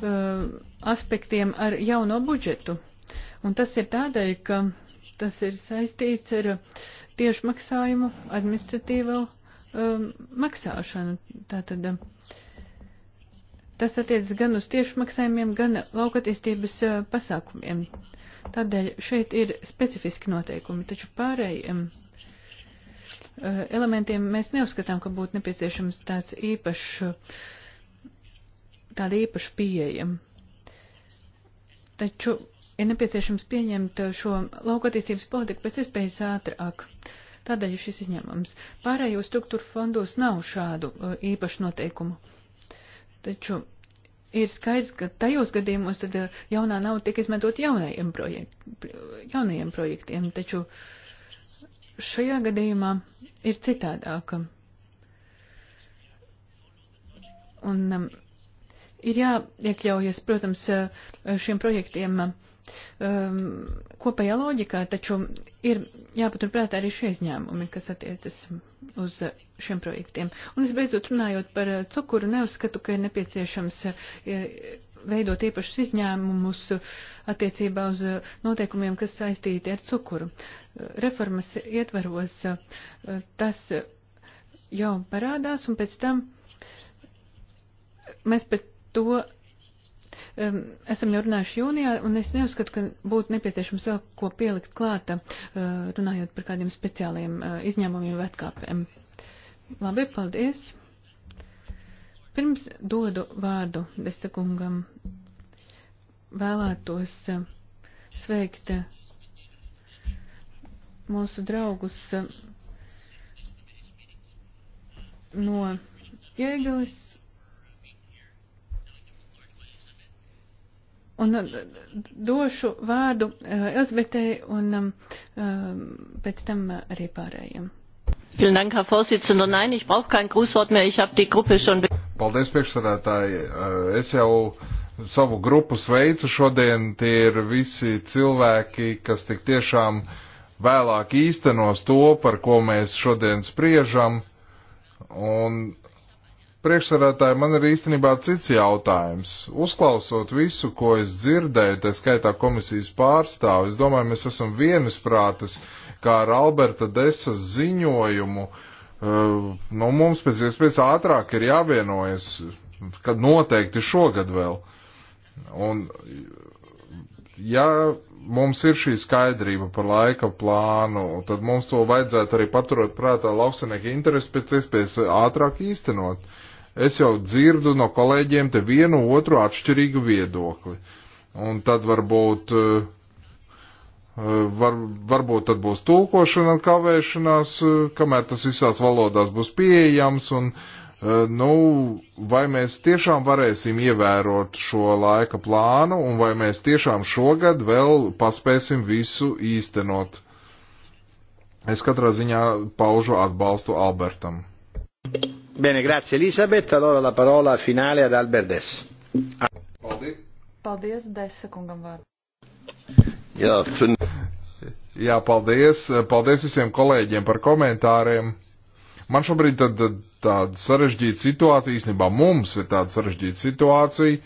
uh, aspektiem ar jauno budžetu. Un tas ir tādēļ, ka tas ir saistīts ar tiešmaksājumu, administratīvo um, maksāšanu. Tātad um, tas attiec gan uz tiešmaksājumiem, gan laukatīstības uh, pasākumiem. Tādēļ šeit ir specifiski noteikumi, taču pārējiem um, Eh, elementiem mēs neuzskatām, ka būtu nepieciešams tāds īpašs, tāda īpaša pieeja. Taču ir nepieciešams pieņemt šo laukatīstības politiku pēc iespējas ātrāk. Tādēļ ir šis izņēmums. Pārējo struktūru fondos nav šādu eh, īpašu noteikumu. Taču ir skaidrs, ka tajos gadījumos tad eh, jaunā nauda tiek izmantot jaunajiem, projekt, jaunajiem projektiem, taču uh, šajā gadījumā ir citādāka. Un um, ir jāiekļaujas, protams, uh, šiem projektiem um, kopējā loģikā, taču ir jāpaturprāt arī šie izņēmumi, kas attiecas uz šiem projektiem. Un visbeidzot, runājot par cukuru, neuzskatu, ka ir nepieciešams. Uh, veidot īpašus izņēmumus attiecībā uz uh, noteikumiem, kas saistīti ar cukuru. Uh, reformas ietvaros uh, tas jau parādās, un pēc tam mēs par to um, esam jau runājuši jūnijā, un es neuzskatu, ka būtu nepieciešams vēl ko pielikt klāta, uh, runājot par kādiem speciāliem uh, izņēmumiem vai atkāpēm. Labi, paldies! Pirms dodu vārdu Desakungam, vēlētos eh, sveikt eh, mūsu draugus eh, no Jēgelis un došu vārdu Elzbetei un pēc tam arī pārējiem. Dank, Herr Vorsitzender. Nein, ich brauche kein Grußwort mehr. Ich habe die Gruppe schon. Paldies, priekšsēdētāji. Äh, es jau savu grupu sveicu šodien. Tie ir visi cilvēki, kas tik tiešām vēlāk īstenos to, par ko mēs šodien spriežam. Un Priekšsēdētāji, man ir īstenībā cits jautājums. Uzklausot visu, ko es dzirdēju, tā skaitā komisijas pārstāvi, es domāju, mēs esam vienisprātas, kā ar Alberta Desas ziņojumu. Eh, nu, mums pēc iespējas ātrāk ir jāvienojas, kad noteikti šogad vēl. Un, ja mums ir šī skaidrība par laika plānu, tad mums to vajadzētu arī paturot prātā lauksanieku interesi pēc iespējas ātrāk īstenot. Uh, es jau dzirdu no kolēģiem te vienu otru atšķirīgu viedokli. Un tad varbūt, eh, eh, var, varbūt tad būs tulkošana un kavēšanās, eh, kamēr tas visās valodās būs pieejams. Un, nu, vai mēs tiešām varēsim ievērot šo laika plānu un vai mēs tiešām šogad vēl paspēsim visu īstenot? Es katrā ziņā paužu atbalstu Albertam. Bene, grazie Elisabeth. Allora la parola finale ad Albert Dess. Paldies. Paldies, Dessa kungam vārdu. Jā, fin... Jā, paldies. Paldies visiem kolēģiem par komentāriem. Man šobrīd tad tāda sarežģīta situācija, īstenībā mums ir tāda sarežģīta situācija,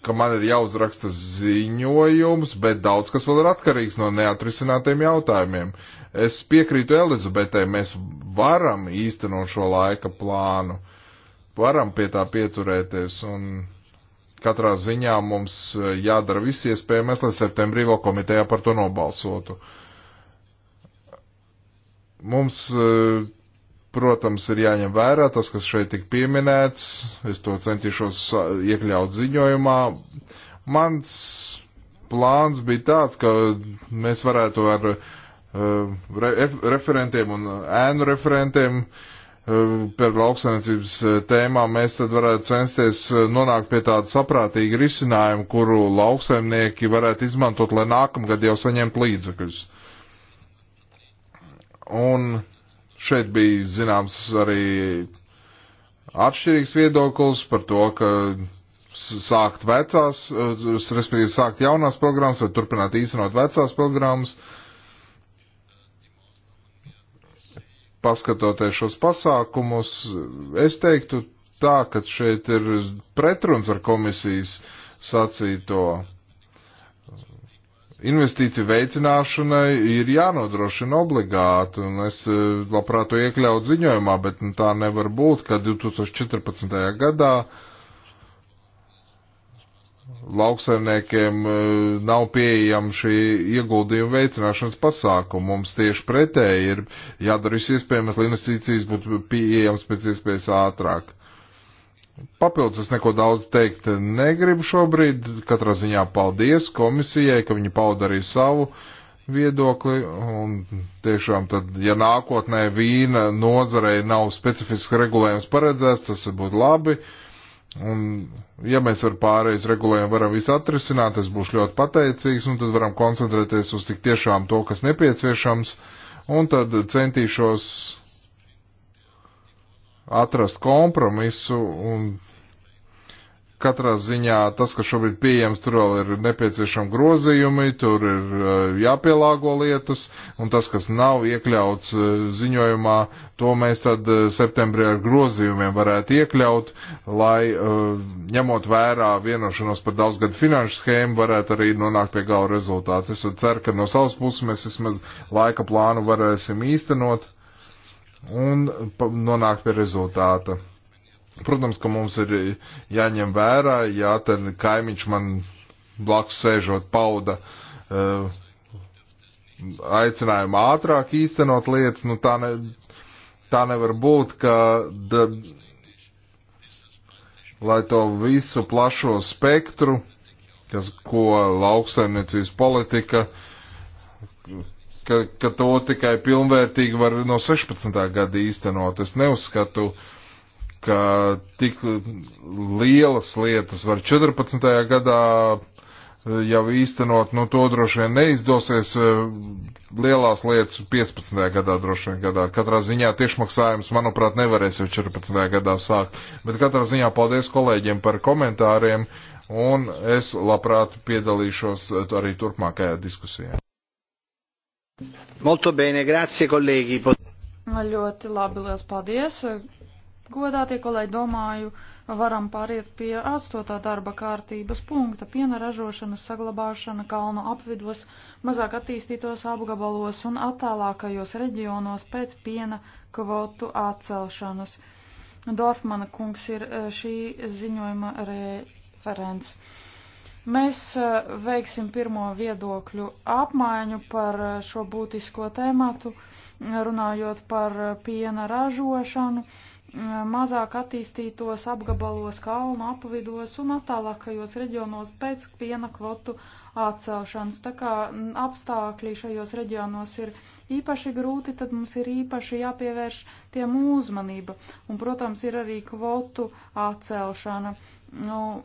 ka man ir jāuzraksta ziņojums, bet daudz kas vēl ir atkarīgs no neatrisinātiem jautājumiem. Es piekrītu Elizabetei, mēs varam īstenot šo laika plānu, varam pie tā pieturēties un katrā ziņā mums jādara viss iespējamais, lai septembrī vēl komitejā par to nobalsotu. Mums, protams, ir jāņem vērā tas, kas šeit tik pieminēts, es to centīšos iekļaut ziņojumā. Mans plāns bija tāds, ka mēs varētu ar uh, Eh, referentiem un eh, ēnu referentiem eh, par lauksaimniecības tēmām, mēs tad varētu censties nonākt pie tāda saprātīga risinājuma, kuru lauksaimnieki varētu izmantot, lai nākamgad jau saņemtu līdzekļus. Un šeit bija zināms arī atšķirīgs viedoklis par to, ka sākt vecās, respektīvi sākt jaunās programmas vai turpināt īstenot vecās programmas. Uh, paskatoties šos pasākumus, es teiktu tā, ka šeit ir pretruns ar komisijas sacīto. Investīciju veicināšanai ir jānodrošina obligāti, un es e, labprāt to iekļautu ziņojumā, bet nu, tā nevar būt, ka 2014. gadā uh, lauksaimniekiem e, nav pieejama šī ieguldījuma veicināšanas pasākuma. Mums tieši pretēji ir jādara viss iespējamais, lai investīcijas būtu pieejamas pēc iespējas ātrāk. Papildus es neko daudz teikt negribu šobrīd. Katrā ziņā paldies komisijai, ka viņi pauda arī savu viedokli. Un tiešām tad, ja nākotnē vīna nozarei nav specifisks regulējums paredzēts, tas būtu labi. Uh, Un, ja mēs ar pārējais regulējumu varam visu atrisināt, es būšu ļoti pateicīgs, un tad varam koncentrēties uz tik tiešām to, kas nepieciešams, un tad centīšos atrast kompromisu un katrā ziņā tas, kas šobrīd pieejams, tur vēl ir nepieciešami grozījumi, tur ir eh, jāpielāgo lietas, un tas, kas nav iekļauts eh, ziņojumā, to mēs tad eh, septembrī ar grozījumiem varētu iekļaut, lai ņemot vērā vienošanos par daudzgadu finanšu schēmu, varētu arī nonākt pie gala rezultātu. Es ceru, ka no savas puses mēs vismaz laika plānu varēsim īstenot un nonākt pie rezultāta. Protams, ka mums ir jāņem vērā, ja tad kaimiņš man blakus sēžot pauda eh, aicinājumu ātrāk īstenot lietas, nu tā, ne, tā nevar būt, ka da, lai to visu plašo spektru, kas, ko lauksaimniecības politika, ka, ka to tikai pilnvērtīgi var no 16. gada īstenot. Es neuzskatu, uh, ka tik lielas lietas var 14. gadā eh, jau īstenot, nu to droši vien neizdosies. Eh, lielās lietas 15. gadā droši vien gadā. Katrā ziņā tiešmaksājums, manuprāt, nevarēs jau 14. gadā sākt. Bet katrā ziņā paldies kolēģiem par komentāriem un es labprāt piedalīšos eh, arī turpmākajā diskusijā. Molto bene, grazie kolēģi. Ļoti labi, liels paldies. Godātie kolēģi, domāju, varam pāriet pie 8. darba kārtības punkta - piena ražošanas saglabāšana kalnu apvidos, mazāk attīstītos apgabalos un attālākajos reģionos pēc piena kvotu atcelšanas. Dorfmana kungs ir eh, šī ziņojuma referents. Mēs eh, veiksim pirmo viedokļu apmaiņu par eh, šo būtisko tēmatu, runājot par piena ražošanu mazāk attīstītos apgabalos, kalnu apvidos un attālākajos reģionos pēc piena kvotu atcelšanas. Tā kā apstākļi šajos reģionos ir īpaši grūti, tad mums ir īpaši jāpievērš tiem uzmanība. Un, protams, ir arī kvotu atcelšana. Nu,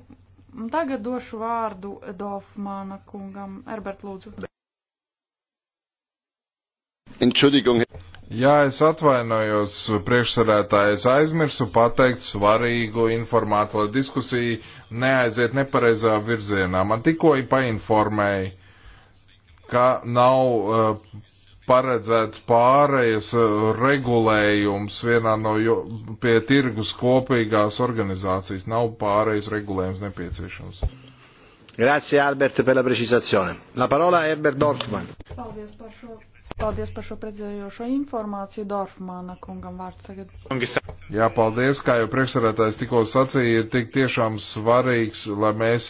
tagad došu vārdu Dofmāna kungam. Erbert, lūdzu. Entschuldigung. Jā, es atvainojos priekšsarētāji, es aizmirsu pateikt svarīgu informāciju, lai diskusija neaiziet nepareizā virzienā. Man tikko painformēja, ka nav uh, paredzēts pārējas eh, regulējums vienā no jo, pie tirgus kopīgās organizācijas. Nav pārējas regulējums nepieciešams. Grazie, Albert, per la precisazione. La parola a Herbert Dorfman. Paldies par šo Paldies par šo precizējošo informāciju. Dorfmāna kungam vārds tagad. Jā, paldies. Kā jau priekšsarētājs tikko sacīja, ir tik tiešām svarīgs, lai mēs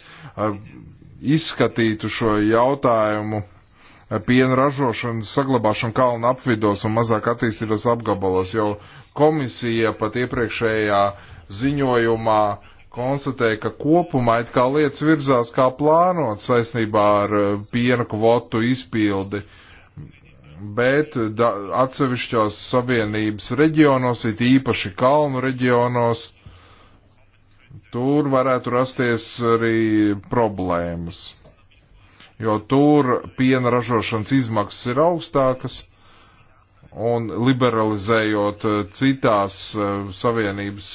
izskatītu šo jautājumu piena ražošanas saglabāšanu kalnu apvidos un mazāk attīstītos apgabalos, jo komisija pat iepriekšējā ziņojumā konstatēja, ka kopumā it kā lietas virzās kā plānot saistībā ar piena kvotu izpildi. Uh, bet da, atsevišķos savienības reģionos, it īpaši kalnu reģionos, tur varētu rasties arī problēmas, jo tur piena ražošanas izmaksas ir augstākas, un liberalizējot eh, citās eh, savienības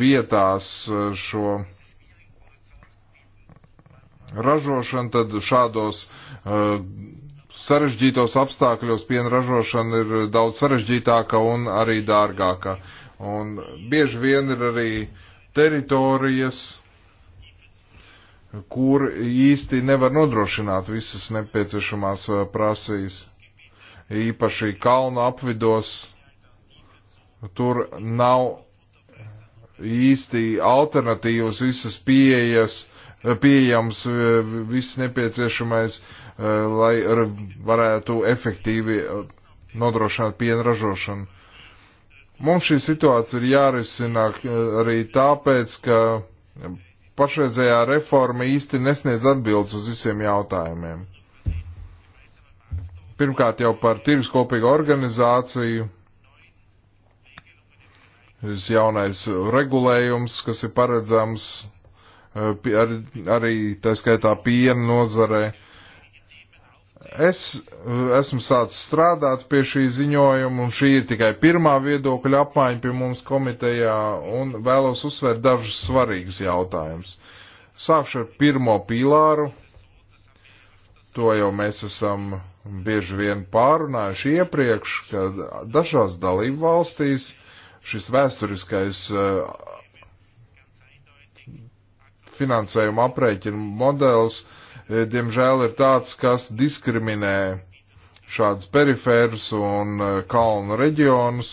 vietās eh, šo ražošanu, tad šādos uh, sarežģītos apstākļos piena ražošana ir daudz sarežģītāka un arī dārgāka. Un bieži vien ir arī teritorijas, kur īsti nevar nodrošināt visas nepieciešamās eh, prasīs. Īpaši kalnu apvidos tur nav īsti alternatīvas visas pieejas pieejams e, viss nepieciešamais, e, lai varētu efektīvi e, nodrošināt piena ražošanu. Mums šī situācija ir jārisina arī tāpēc, ka pašreizējā reforma īsti nesniedz atbildes uz visiem jautājumiem. Pirmkārt jau par tirgus kopīgu organizāciju, šis jaunais regulējums, kas ir paredzams Eh, ar, arī tā skaitā piena nozarē. Es eh, esmu sācis strādāt pie šī ziņojuma, un šī ir tikai pirmā viedokļa apmaiņa pie mums komitejā, un vēlos uzsvērt dažus svarīgus jautājumus. Sākšu ar pirmo pīlāru. To jau mēs esam bieži vien pārunājuši iepriekš, ka dažās dalību valstīs šis vēsturiskais uh, finansējuma aprēķina modelis, e, diemžēl, ir tāds, kas diskriminē šādus perifērus un e, kalnu reģionus.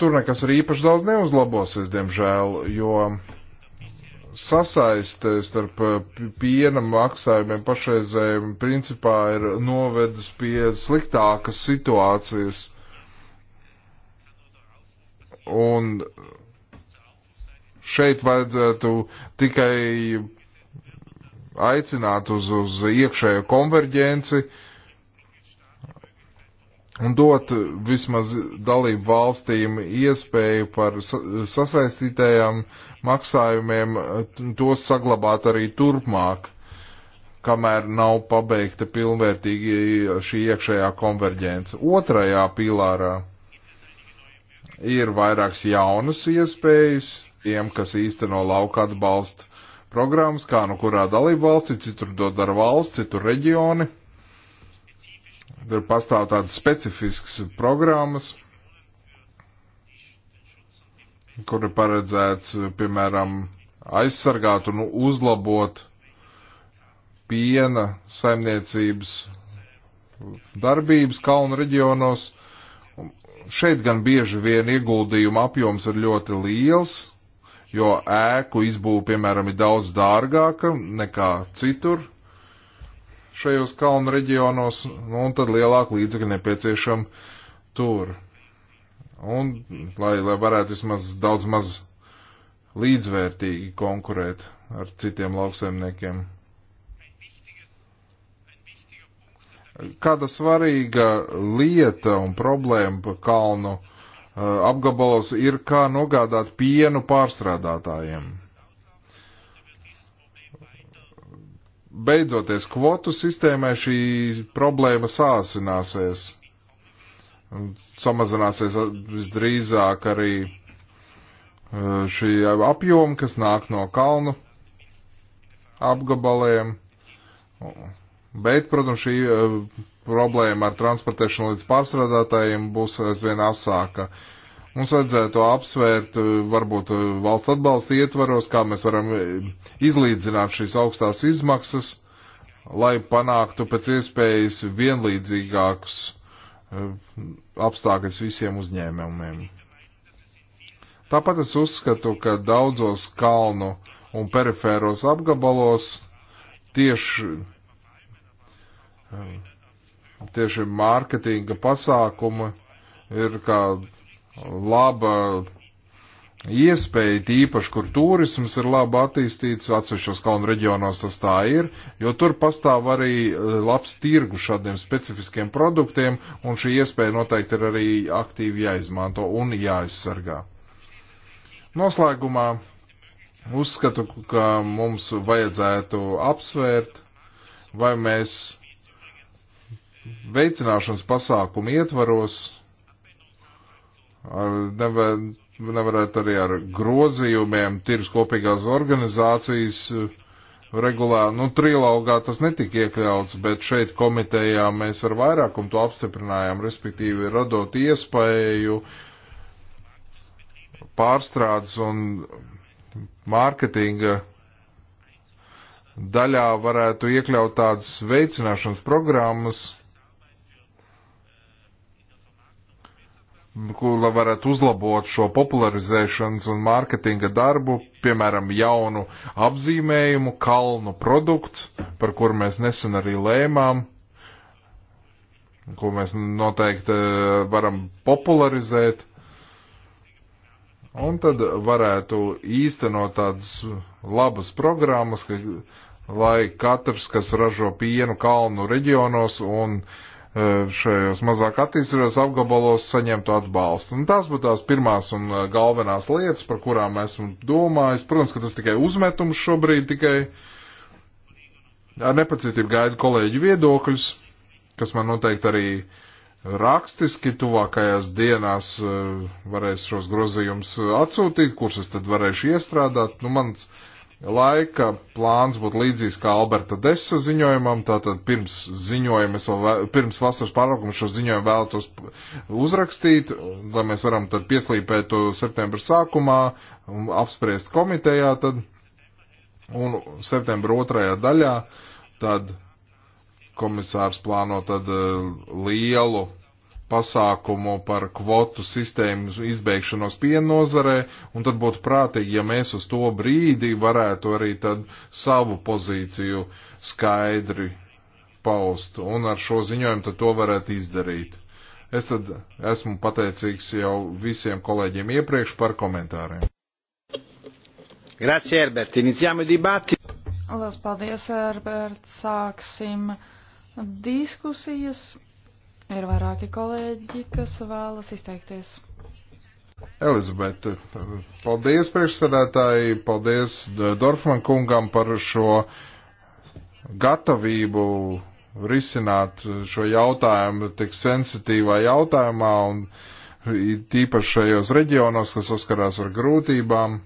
Tur nekas arī īpaši daudz neuzlabosies, diemžēl, jo sasaiste starp e, piena maksājumiem pašreizējiem principā ir novedis pie sliktākas situācijas. Un šeit vajadzētu tikai aicināt uz, uz iekšējo konverģenci un dot vismaz dalību valstīm iespēju par sasaistītajām maksājumiem tos saglabāt arī turpmāk, kamēr nav pabeigta pilnvērtīgi šī iekšējā konverģence. Otrajā pīlārā ir vairākas jaunas iespējas tiem, kas īsteno lauka atbalstu programmas, kā nu kurā dalība valsts, citur to dara valsts, citur reģioni. Tur pastāv tādas specifiskas programmas, kur ir paredzēts, piemēram, aizsargāt un uzlabot piena saimniecības darbības kalnu reģionos. Šeit gan bieži vien ieguldījuma apjoms ir ļoti liels, jo ēku izbūve, piemēram, ir daudz dārgāka nekā citur šajos kalnu reģionos, nu, un tad lielāka līdzekļa nepieciešama tur. Un, lai, lai varētu vismaz daudz maz līdzvērtīgi konkurēt ar citiem lauksaimniekiem. Kāda svarīga lieta un problēma pa kalnu uh, Eh, apgabalos ir kā nogādāt pienu pārstrādātājiem. Beidzoties kvotu sistēmai šī problēma sāsināsies. Samazināsies visdrīzāk arī eh, šī apjoma, kas nāk no kalnu apgabaliem. Bet, protams, šī e, problēma ar transportēšanu līdz pārstrādātājiem būs aizvien asāka. Mums vajadzētu apsvērt, e, varbūt e, valsts atbalsta ietvaros, kā mēs varam izlīdzināt šīs augstās izmaksas, lai panāktu pēc iespējas vienlīdzīgākus apstākļus visiem uzņēmumiem. Tāpat es uzskatu, ka daudzos kalnu un perifēros apgabalos tieši Um, tieši mārketinga pasākumi ir kā laba iespēja, tīpaši, kur turisms ir labi attīstīts, atsevišķos kalnu reģionos tas tā ir, jo tur pastāv arī uh, labs tirgu šādiem specifiskiem produktiem, un šī iespēja noteikti ir arī aktīvi jāizmanto un jāaizsargā. Noslēgumā uzskatu, ka mums vajadzētu apsvērt, vai mēs veicināšanas pasākumu ietvaros nevar, nevarētu arī ar grozījumiem tirgus kopīgās organizācijas eh, regulā, nu, trilogā tas netika iekļauts, bet šeit komitejā mēs ar vairākumu to apstiprinājām, respektīvi radot iespēju pārstrādes un mārketinga daļā varētu iekļaut tādas veicināšanas programmas, kur varētu uzlabot šo popularizēšanas un mārketinga darbu, piemēram, jaunu apzīmējumu, kalnu produkts, par kur mēs nesen arī lēmām, ko mēs noteikti eh, varam popularizēt. Un tad varētu īstenot tādas labas programmas, ka, lai katrs, kas ražo pienu kalnu reģionos un uh, Eh, šajos mazāk attīstītos apgabalos saņemtu atbalstu. Un tās būtu tās pirmās un eh, galvenās lietas, par kurām esmu domājis. Protams, ka tas tikai uzmetums šobrīd tikai ar nepacietību gaidu kolēģu viedokļus, kas man noteikti arī rakstiski tuvākajās dienās eh, varēs šos grozījumus atsūtīt, kurus es tad varēšu iestrādāt. Nu, mans uh, laika plāns būtu līdzīgs kā Alberta Desa ziņojumam, tātad pirms ziņojuma, es vēl, pirms vasaras pāraukuma šo ziņojumu vēlētos uzrakstīt, lai mēs varam tad pieslīpēt to septembra sākumā un apspriest komitejā tad, un septembra otrajā daļā tad komisārs plāno tad eh, lielu pasākumu par kvotu sistēmu izbeigšanos piennozarē, un tad būtu prātīgi, ja mēs uz to brīdi varētu arī tad savu pozīciju skaidri paust, un ar šo ziņojumu tad to varētu izdarīt. Es tad esmu pateicīgs jau visiem kolēģiem iepriekš par komentāriem. Grazie, Herbert. Iniciamo dibatti. Lielas paldies, Herbert. Sāksim diskusijas. Ir vairāki kolēģi, kas vēlas izteikties. Elizabete, paldies priekšsēdētāji, paldies Dorfman kungam par šo gatavību risināt šo jautājumu tik sensitīvā jautājumā un tīpaši šajos reģionos, kas saskarās ar grūtībām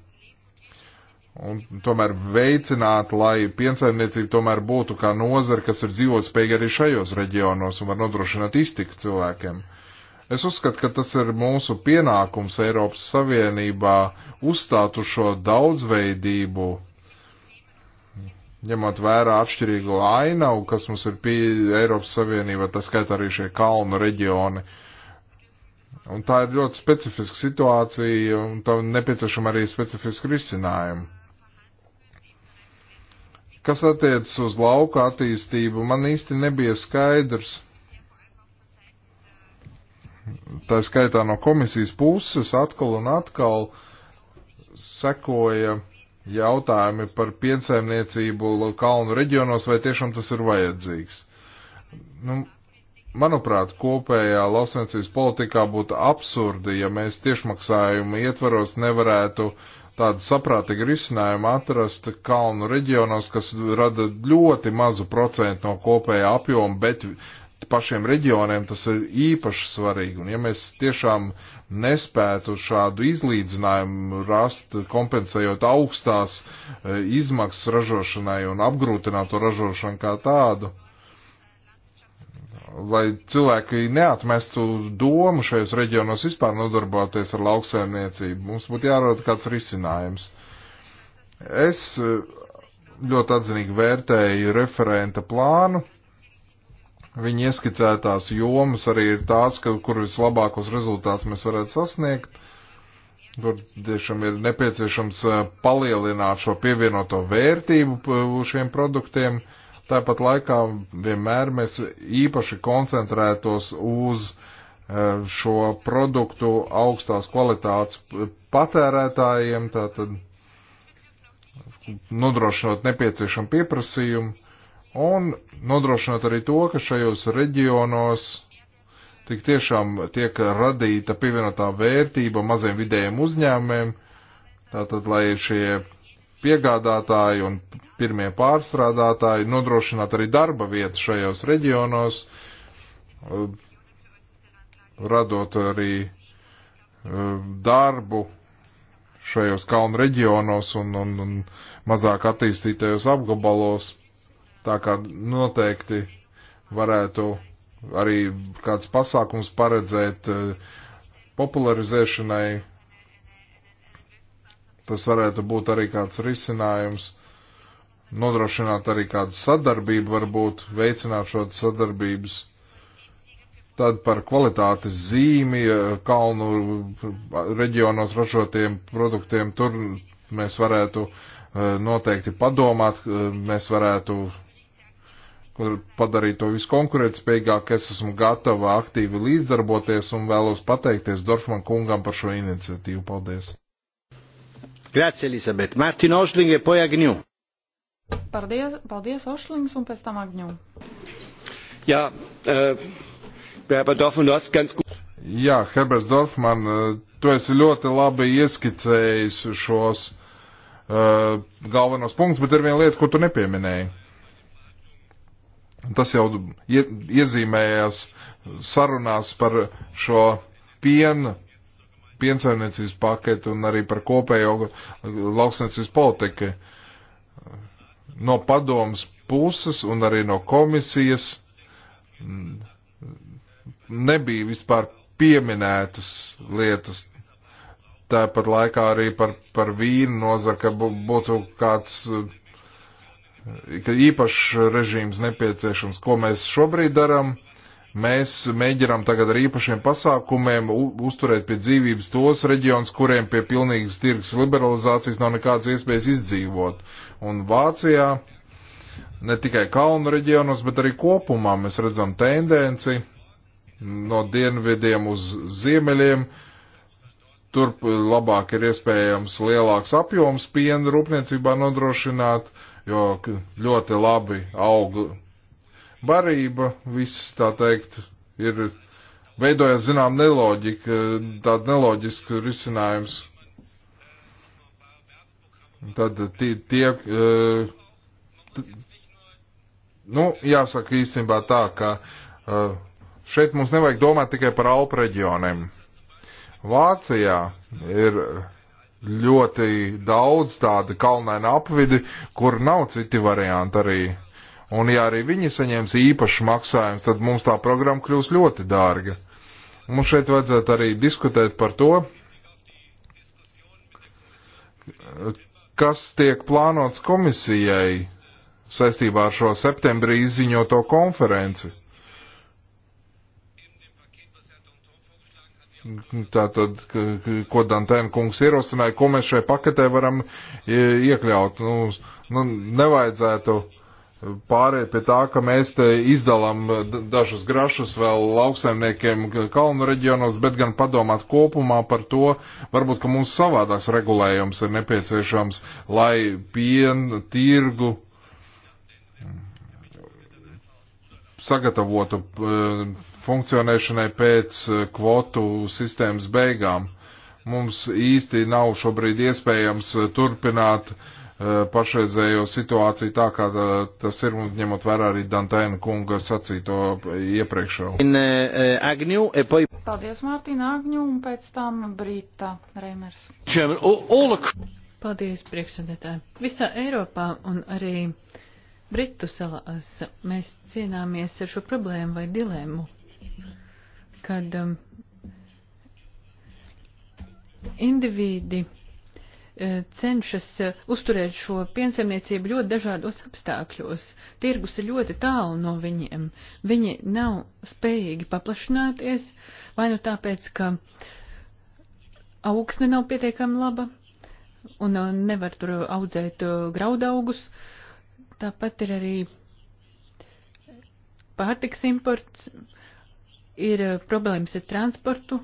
un tomēr veicināt, lai piensaimniecība tomēr būtu kā nozara, kas ir dzīvotspējīga arī šajos reģionos un var nodrošināt iztiku cilvēkiem. Es uzskatu, ka tas ir mūsu pienākums Eiropas Savienībā uzstāt uz šo daudzveidību, ņemot vērā atšķirīgo ainavu, kas mums ir pie Eiropas Savienībā, tas skaitā arī šie kalnu reģioni. Un tā ir ļoti specifiska situācija, un tam nepieciešama arī specifiska risinājuma. Kas attiecas uz lauka attīstību, man īsti nebija skaidrs. Tā skaitā no komisijas puses atkal un atkal sekoja jautājumi par piensaimniecību kalnu reģionos, vai tiešām tas ir vajadzīgs. Nu, manuprāt, kopējā lauksaimniecības politikā būtu absurdi, ja mēs tiešmaksājumu ietvaros nevarētu uh, tādu saprātīgu risinājumu atrast kalnu reģionos, kas rada ļoti mazu procentu no kopējā apjoma, bet pašiem reģioniem tas ir īpaši svarīgi. Un ja mēs tiešām nespētu šādu izlīdzinājumu rast, kompensējot augstās e, izmaksas ražošanai un apgrūtināto ražošanu kā tādu, lai cilvēki neatmestu domu šajos reģionos vispār nodarboties ar lauksaimniecību. Mums būtu jārod kāds risinājums. Es eh, ļoti atzinīgi vērtēju referenta plānu. Viņa ieskicētās jomas arī ir tās, ka, kur vislabākos rezultātus mēs varētu sasniegt, kur tiešām ir nepieciešams eh, palielināt šo pievienoto vērtību eh, šiem produktiem. Uh, Tāpat laikā vienmēr mēs īpaši koncentrētos uz e, šo produktu augstās kvalitātes patērētājiem, tātad nodrošinot nepieciešamu pieprasījumu un nodrošinot arī to, ka šajos reģionos tik tiešām tiek radīta pievienotā vērtība maziem vidējiem uzņēmumiem, tātad lai šie piegādātāji un pirmie pārstrādātāji, nodrošināt arī darba vietas šajos reģionos, eh, radot arī eh, darbu šajos kalnu reģionos un, un, un mazāk attīstītajos apgabalos. Tā kā noteikti varētu arī kāds pasākums paredzēt eh, popularizēšanai Tas varētu būt arī kāds risinājums, nodrošināt arī kādu sadarbību, varbūt veicināt šo sadarbības. Tad par kvalitātes zīmi eh, kalnu reģionos ražotiem produktiem tur mēs varētu eh, noteikti padomāt, eh, mēs varētu padarīt to visu konkurētspējīgāk. Es esmu gatava aktīvi līdzdarboties un vēlos pateikties Dorfman kungam par šo iniciatīvu. Paldies! Grazie, Elizabete. Mārtiņa Ošlinga ir e pojagņu. Paldies, paldies Ošlings un pēc tam Agņu. Jā, uh, äh, Herbert Dorfman, du hast ganz gut. Jā, Herbert Dorfman, äh, tu esi ļoti labi ieskicējis šos uh, galvenos punktus, bet ir viena lieta, ko tu nepieminēji. Tas jau ie, iezīmējās sarunās par šo piena piensaimniecības paketu un arī par kopējo lauksniecības politiku. No padomas puses un arī no komisijas nebija vispār pieminētas lietas. Tāpat laikā arī par, par vīnu nozar, ka būtu kāds ka īpašs režīms nepieciešams, ko mēs šobrīd darām Mēs mēģinām tagad ar īpašiem pasākumiem uzturēt pie dzīvības tos reģionus, kuriem pie pilnīgas tirgus liberalizācijas nav nekādas iespējas izdzīvot. Un Vācijā ne tikai kalnu reģionos, bet arī kopumā mēs redzam tendenci no dienvidiem uz ziemeļiem, tur labāk ir iespējams lielāks apjoms piena rūpniecībā nodrošināt, jo ļoti labi aug barība, viss tā teikt, ir veidojas zinām neloģika, tāda neloģiska risinājums. Tad tie, tie t, nu, jāsaka īstenībā tā, ka šeit mums nevajag domāt tikai par Alpu reģioniem. Vācijā ir ļoti daudz tādu kalnainu apvidi, kur nav citi varianti arī Un ja arī viņi saņems īpašu maksājumu, tad mums tā programma kļūs ļoti dārga. Mums šeit vajadzētu arī diskutēt par to, kas tiek plānots komisijai saistībā ar šo septembrī izziņoto konferenci. Tātad, ko Dantēna kungs ierosināja, ko mēs šai paketē varam e, iekļaut. Nu, nu, nevajadzētu uh, pārēt pie tā, ka mēs te izdalām eh, dažus grašus vēl lauksaimniekiem kalnu reģionos, bet gan padomāt kopumā par to, varbūt, ka mums savādāks regulējums ir nepieciešams, lai pienu, tirgu mm, sagatavotu eh, funkcionēšanai pēc eh, kvotu sistēmas beigām. Mums īsti nav šobrīd iespējams turpināt uh, Eh, pašreizējo situāciju tā, kā eh, tas ir, un ņemot vērā arī Dantēna kunga sacīto iepriekšējo. Eh, e Paldies, Mārtiņa Agņu, un pēc tam Brīta Reimers. Paldies, priekšsēdētāji. Visā Eiropā un arī Britu salās mēs cīnāmies ar šo problēmu vai dilēmu, kad um, indivīdi cenšas eh, uzturēt šo piensaimniecību ļoti dažādos apstākļos. Tirgus ir ļoti tālu no viņiem. Viņi nav spējīgi paplašināties, vai nu tāpēc, ka augsne nav pietiekami laba un eh, nevar tur audzēt eh, graudaugus. Tāpat ir arī pārtiks imports, ir problēmas ar transportu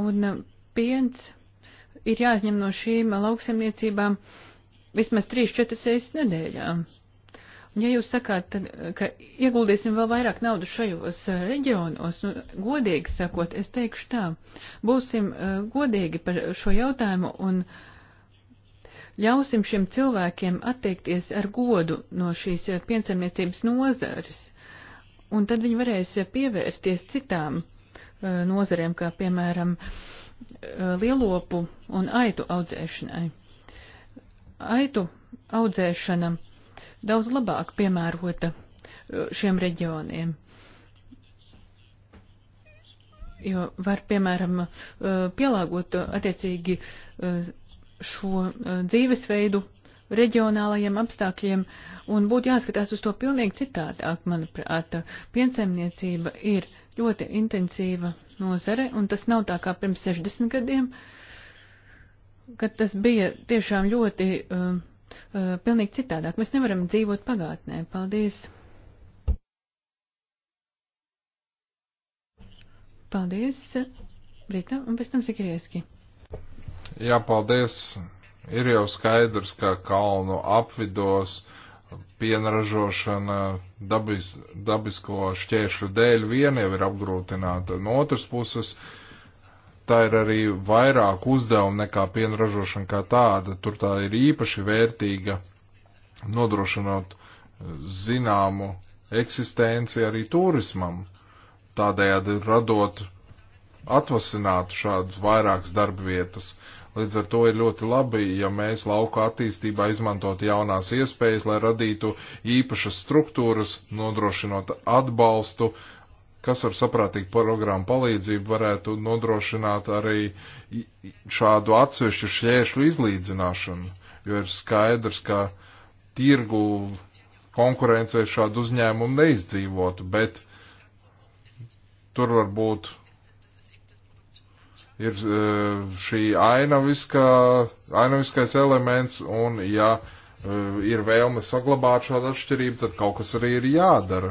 un piens ir jāizņem no šīm lauksemniecībām vismaz 3-4 reizes nedēļā. Un, ja jūs sakāt, ka ieguldīsim vēl vairāk naudu šajos eh, reģionos, nu, godīgi sakot, es teikšu tā, būsim eh, godīgi par šo jautājumu un ļausim šiem cilvēkiem attiekties ar godu no šīs eh, piensaimniecības nozares, un tad viņi varēs pievērsties citām nozarēm, kā piemēram uh, Uh, lielopu un aitu audzēšanai. Aitu audzēšana daudz labāk piemērota uh, šiem reģioniem. Jo var, piemēram, uh, pielāgot attiecīgi šo dzīvesveidu reģionālajiem apstākļiem, un būtu jāskatās uz to pilnīgi citādāk, manuprāt. Piensaimniecība ir ļoti intensīva nozare, un tas nav tā kā pirms 60 gadiem, kad tas bija tiešām ļoti uh, uh, pilnīgi citādāk. Mēs nevaram dzīvot pagātnē. Paldies! Paldies, Brita, un pēc tam Sikrieski. Jā, paldies. Ir jau skaidrs, ka kalnu apvidos pienražošana dabis, dabisko šķēršļu dēļ vien jau ir apgrūtināta. No otras puses, tā ir arī vairāk uzdevumu nekā pienražošana kā tāda. Tur tā ir īpaši vērtīga nodrošinot eh, zināmu eksistenci arī turismam, tādējādi radot atvasinātu šādas vairākas darba vietas. Līdz ar to ir ļoti labi, ja mēs lauku attīstībā izmantot jaunās iespējas, lai radītu īpašas struktūras, nodrošinot atbalstu, kas ar saprātīgu programmu palīdzību varētu nodrošināt arī šādu atsevišķu šķēršļu izlīdzināšanu, jo ir skaidrs, ka tirgu konkurencē šādu uzņēmumu neizdzīvotu, bet tur var būt ir e, šī ainaviskā, ainaviskais elements, un ja e, ir vēlme saglabāt šādu atšķirību, tad kaut kas arī ir jādara.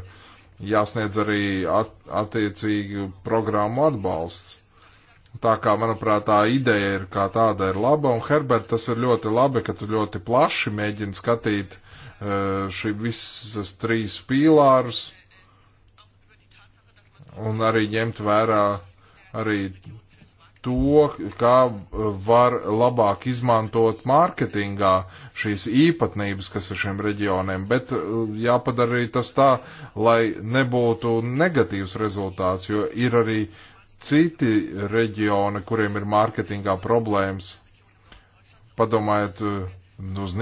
Jāsniedz arī at, attiecīgi programmu atbalsts. Tā kā, manuprāt, tā ideja ir kā tāda ir laba, un Herbert, tas ir ļoti labi, ka tu ļoti plaši mēģini skatīt e, šī visas trīs pīlārus un arī ņemt vērā arī to, kā var labāk izmantot mārketingā šīs īpatnības, kas ir šiem reģioniem, bet eh, jāpadara arī tas tā, lai nebūtu negatīvs rezultāts, jo ir arī citi reģioni, kuriem ir mārketingā problēmas. Padomājiet eh, uz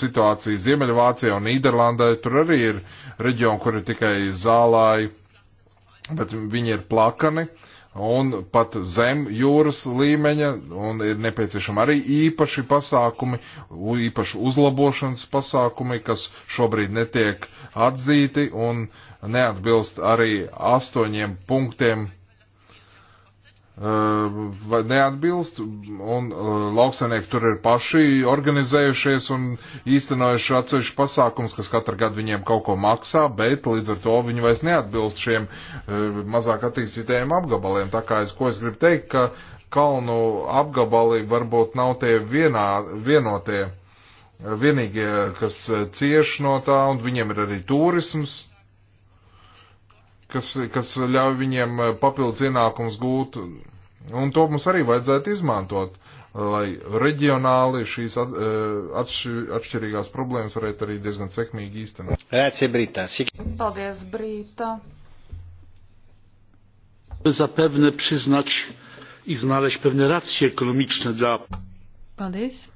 situāciju Ziemeļvācijā un Nīderlandē, tur arī ir reģioni, kur ir tikai zālāji, bet viņi ir plakani. Uh, un pat zem jūras līmeņa, un ir nepieciešama arī īpaši pasākumi, īpaši uzlabošanas pasākumi, kas šobrīd netiek atzīti un neatbilst arī astoņiem punktiem neatbilst, un lauksaimnieki tur ir paši organizējušies un īstenojuši atsevišķu pasākums, kas katru gadu viņiem kaut ko maksā, bet līdz ar to viņi vairs neatbilst šiem mazāk attīstītajiem apgabaliem. Tā kā es, ko es gribu teikt, ka kalnu apgabali varbūt nav tie vienā, vienotie, vienīgie, kas cieš no tā, un viņiem ir arī turisms kas, kas ļauj viņiem eh, papildus ienākums gūt. Un to mums arī vajadzētu izmantot, lai reģionāli šīs at, eh, atšķir, atšķirīgās problēmas varētu arī diezgan sekmīgi īstenot. Paldies, Brīta. Zapewne przyznać i znaleźć pewne racje ekonomiczne dla. Paldies.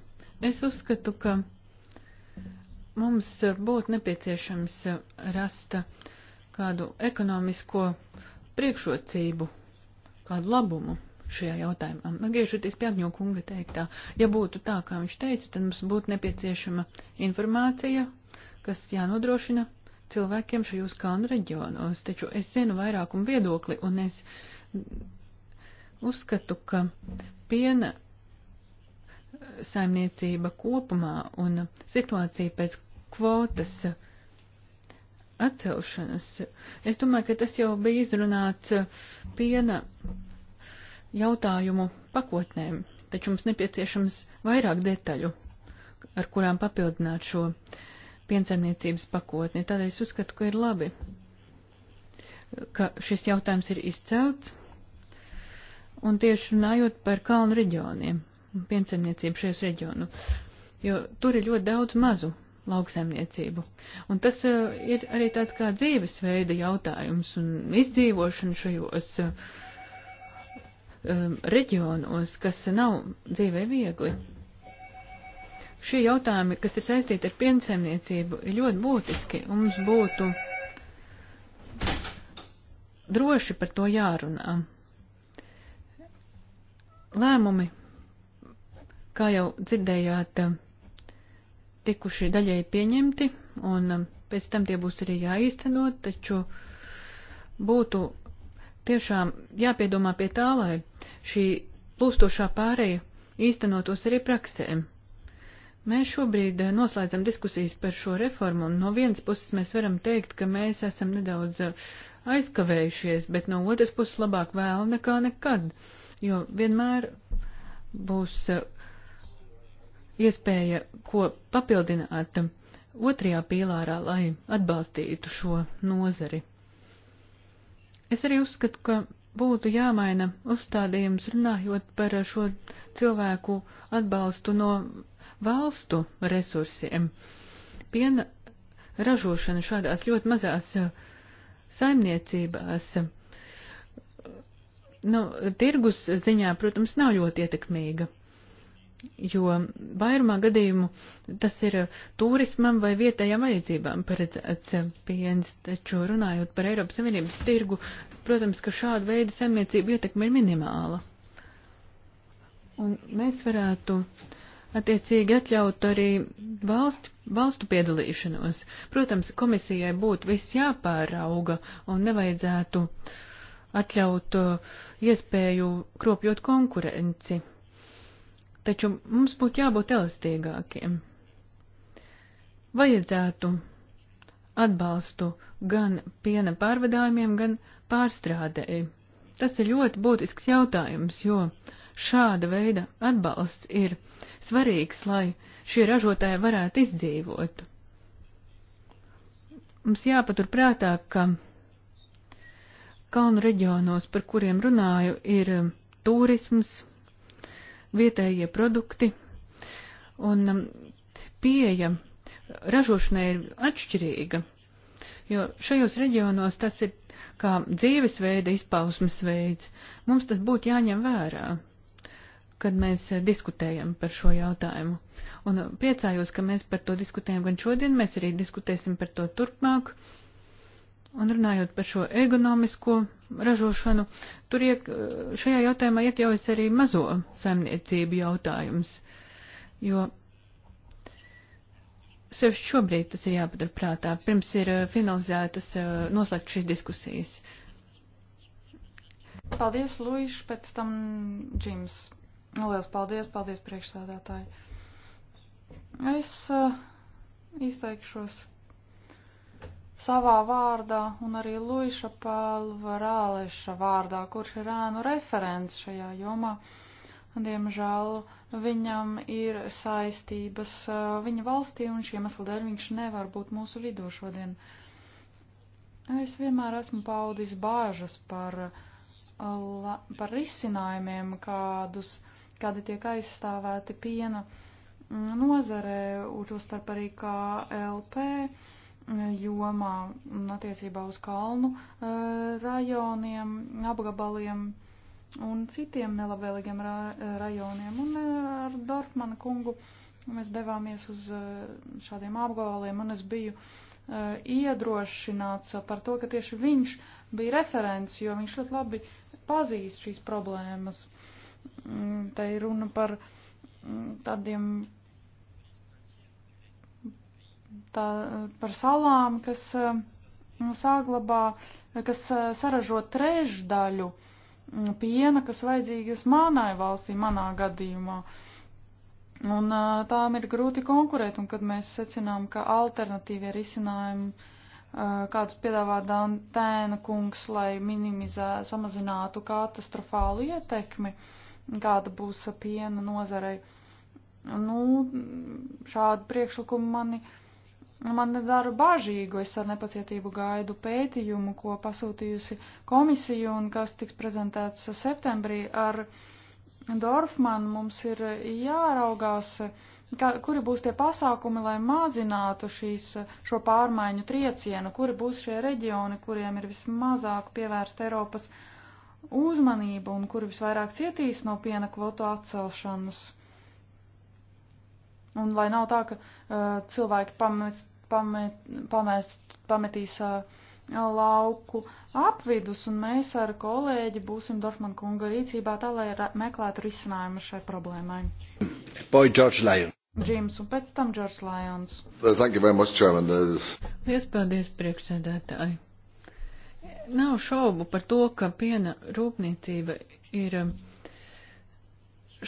Es uzskatu, ka mums būtu nepieciešams eh, rasta uh, kādu ekonomisko priekšrocību, kādu labumu šajā jautājumā. Griežoties pie Agņo kunga teiktā, ja būtu tā, kā viņš teica, tad mums būtu nepieciešama informācija, kas jānodrošina cilvēkiem šajos kalnu reģionos. Taču es zinu vairākumu viedokli un es uzskatu, ka piena saimniecība kopumā un situācija pēc kvotas. Mm atcelšanas. Es domāju, ka tas jau bija izrunāts piena jautājumu pakotnēm, taču mums nepieciešams vairāk detaļu, ar kurām papildināt šo piensaimniecības pakotni. Tādēļ es uzskatu, ka ir labi, ka šis jautājums ir izcelts. Un tieši runājot par kalnu reģioniem, piensaimniecību šajos reģionos, jo tur ir ļoti daudz mazu lauksaimniecību. Un tas uh, ir arī tāds kā dzīvesveida jautājums un izdzīvošana šajos uh, um, reģionos, kas nav dzīvē viegli. Šie jautājumi, kas ir saistīti ar piensaimniecību, ir ļoti būtiski. Mums būtu droši par to jārunā. Lēmumi, kā jau dzirdējāt, uh, tikuši daļai pieņemti, un um, pēc tam tie būs arī jāīsteno, taču būtu tiešām jāpiedomā pie tā, lai šī plūstošā pāreja īstenotos arī praksēm. Mēs šobrīd uh, noslēdzam diskusijas par šo reformu, un no vienas puses mēs varam teikt, ka mēs esam nedaudz uh, aizkavējušies, bet no otras puses labāk vēl nekā nekad, jo vienmēr būs uh, iespēja, ko papildināt otrajā pīlārā, lai atbalstītu šo nozari. Es arī uzskatu, ka būtu jāmaina uzstādījums runājot par šo cilvēku atbalstu no valstu resursiem. Piena ražošana šādās ļoti mazās saimniecībās, nu, tirgus ziņā, protams, nav ļoti ietekmīga jo vairumā gadījumu tas ir turismam vai vietējām vajadzībām paredzēts piens, taču runājot par Eiropas Savienības tirgu, protams, ka šāda veida saimniecība ietekme ir minimāla. Un mēs varētu attiecīgi atļaut arī valst, valstu piedalīšanos. Protams, komisijai būtu viss jāpārauga un nevajadzētu atļaut uh, iespēju kropļot konkurenci taču mums būtu jābūt elastīgākiem. Vajadzētu atbalstu gan piena pārvadājumiem, gan pārstrādēji. Tas ir ļoti būtisks jautājums, jo šāda veida atbalsts ir svarīgs, lai šie ražotāji varētu izdzīvot. Mums jāpaturprātā, ka kalnu reģionos, par kuriem runāju, ir turisms, vietējie produkti un um, pieeja ražošanai ir atšķirīga, jo šajos reģionos tas ir kā dzīvesveida izpausmes veids. Mums tas būtu jāņem vērā, kad mēs eh, diskutējam par šo jautājumu. Un uh, priecājos, ka mēs par to diskutējam gan šodien, mēs arī diskutēsim par to turpmāk. Uh, Un runājot par šo ergonomisko ražošanu, tur iek, šajā jautājumā iekļaujas arī mazo saimniecību jautājums, jo sevišķi šobrīd tas ir jāpadara prātā, pirms ir eh, finalizētas, eh, noslēgt šīs diskusijas. Paldies, Luīš, pēc tam Džims. Nu, Lielas paldies, paldies priekšsādātāji. Es uh, izteikšos savā vārdā un arī Luiša Palvarāleša vārdā, kurš ir ēnu referents šajā jomā. Diemžēl viņam ir saistības viņa valstī un šiem aslu dēļ viņš nevar būt mūsu vidū šodien. Es vienmēr esmu paudis bāžas par, par risinājumiem, kādus, kādi tiek aizstāvēti piena nozarē, un to starp arī kā LP jomā un attiecībā uz kalnu e, rajoniem, apgabaliem un citiem nelabvēlīgiem ra e, rajoniem. Un e, ar Dorfmana kungu mēs devāmies uz šādiem apgabaliem, un es biju iedrošināts par to, ka tieši viņš bija referents, jo viņš ļoti labi pazīst šīs problēmas. Mm, te ir runa par mm, tādiem tā, par salām, kas mm, saglabā, kas eh, saražo trešdaļu mm, piena, kas vajadzīgas manai valstī, manā gadījumā. Un eh, tām ir grūti konkurēt, un kad mēs secinām, ka alternatīvie risinājumi, eh, kādus piedāvā Dantēna kungs, lai minimizē, samazinātu katastrofālu ietekmi, kāda būs piena nozarei, nu, šādi priekšlikumi mani uh, Man dara bāžīgu, es ar nepacietību gaidu pētījumu, ko pasūtījusi komisija un kas tiks prezentēts septembrī. Ar Dorfmanu mums ir jāraugās, kā, kuri būs tie pasākumi, lai mazinātu šīs, šo pārmaiņu triecienu, kuri būs šie reģioni, kuriem ir vismazāk pievērsta Eiropas uzmanība un kuri visvairāk cietīs no piena kvotu atcelšanas. Un lai nav tā, ka uh, cilvēki pamet, pamet, pamest, pametīs uh, lauku apvidus, un mēs ar kolēģi būsim Dorfman kunga rīcībā tā, lai meklētu risinājumu šai problēmai. Boy, George Lyon. Džims, un pēc tam George Lyons. Thank you very much, Chairman. Lies paldies, priekšsēdētāji. Nav šaubu par to, ka piena rūpniecība ir um,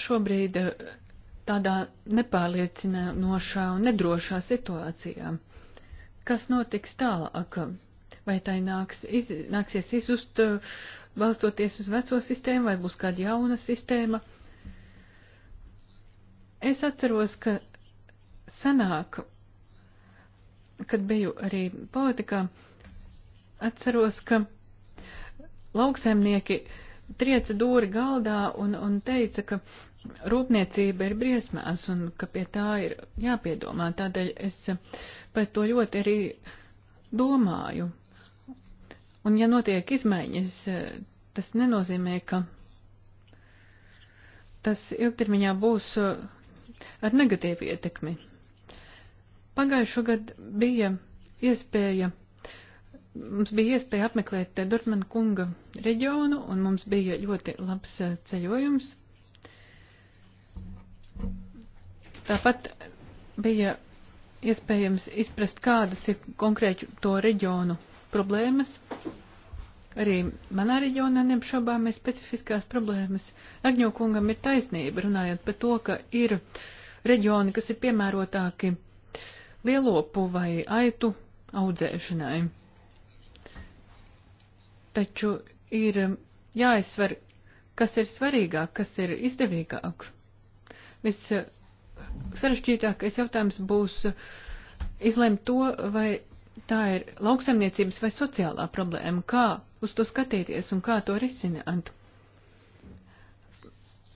šobrīd uh, tādā nepārliecinošā un nedrošā situācijā. Kas notiks tālāk? Vai tai nāks, iz, nāksies izust balstoties uz veco sistēmu vai būs kāda jauna sistēma? Es atceros, ka sanāk, kad biju arī politikā, atceros, ka lauksaimnieki trieca dūri galdā un, un teica, ka rūpniecība ir briesmās un ka pie tā ir jāpiedomā. Tādēļ es par to ļoti arī domāju. Un ja notiek izmaiņas, tas nenozīmē, ka tas ilgtermiņā būs ar negatīvu ietekmi. Pagājušo gadu bija iespēja, mums bija iespēja apmeklēt Dortmund kunga reģionu, un mums bija ļoti labs ceļojums Tāpat bija iespējams izprast, kādas ir konkrēti to reģionu problēmas. Arī manā reģionā neapšaubām ir specifiskās problēmas. Agņokungam ir taisnība runājot par to, ka ir reģioni, kas ir piemērotāki lielopu vai aitu audzēšanai. Taču ir jāizsver, kas ir svarīgāk, kas ir izdevīgāk. Viss sarežģītākais jautājums būs eh, izlemt to, vai tā ir lauksaimniecības vai sociālā problēma, kā uz to skatīties un kā to risināt.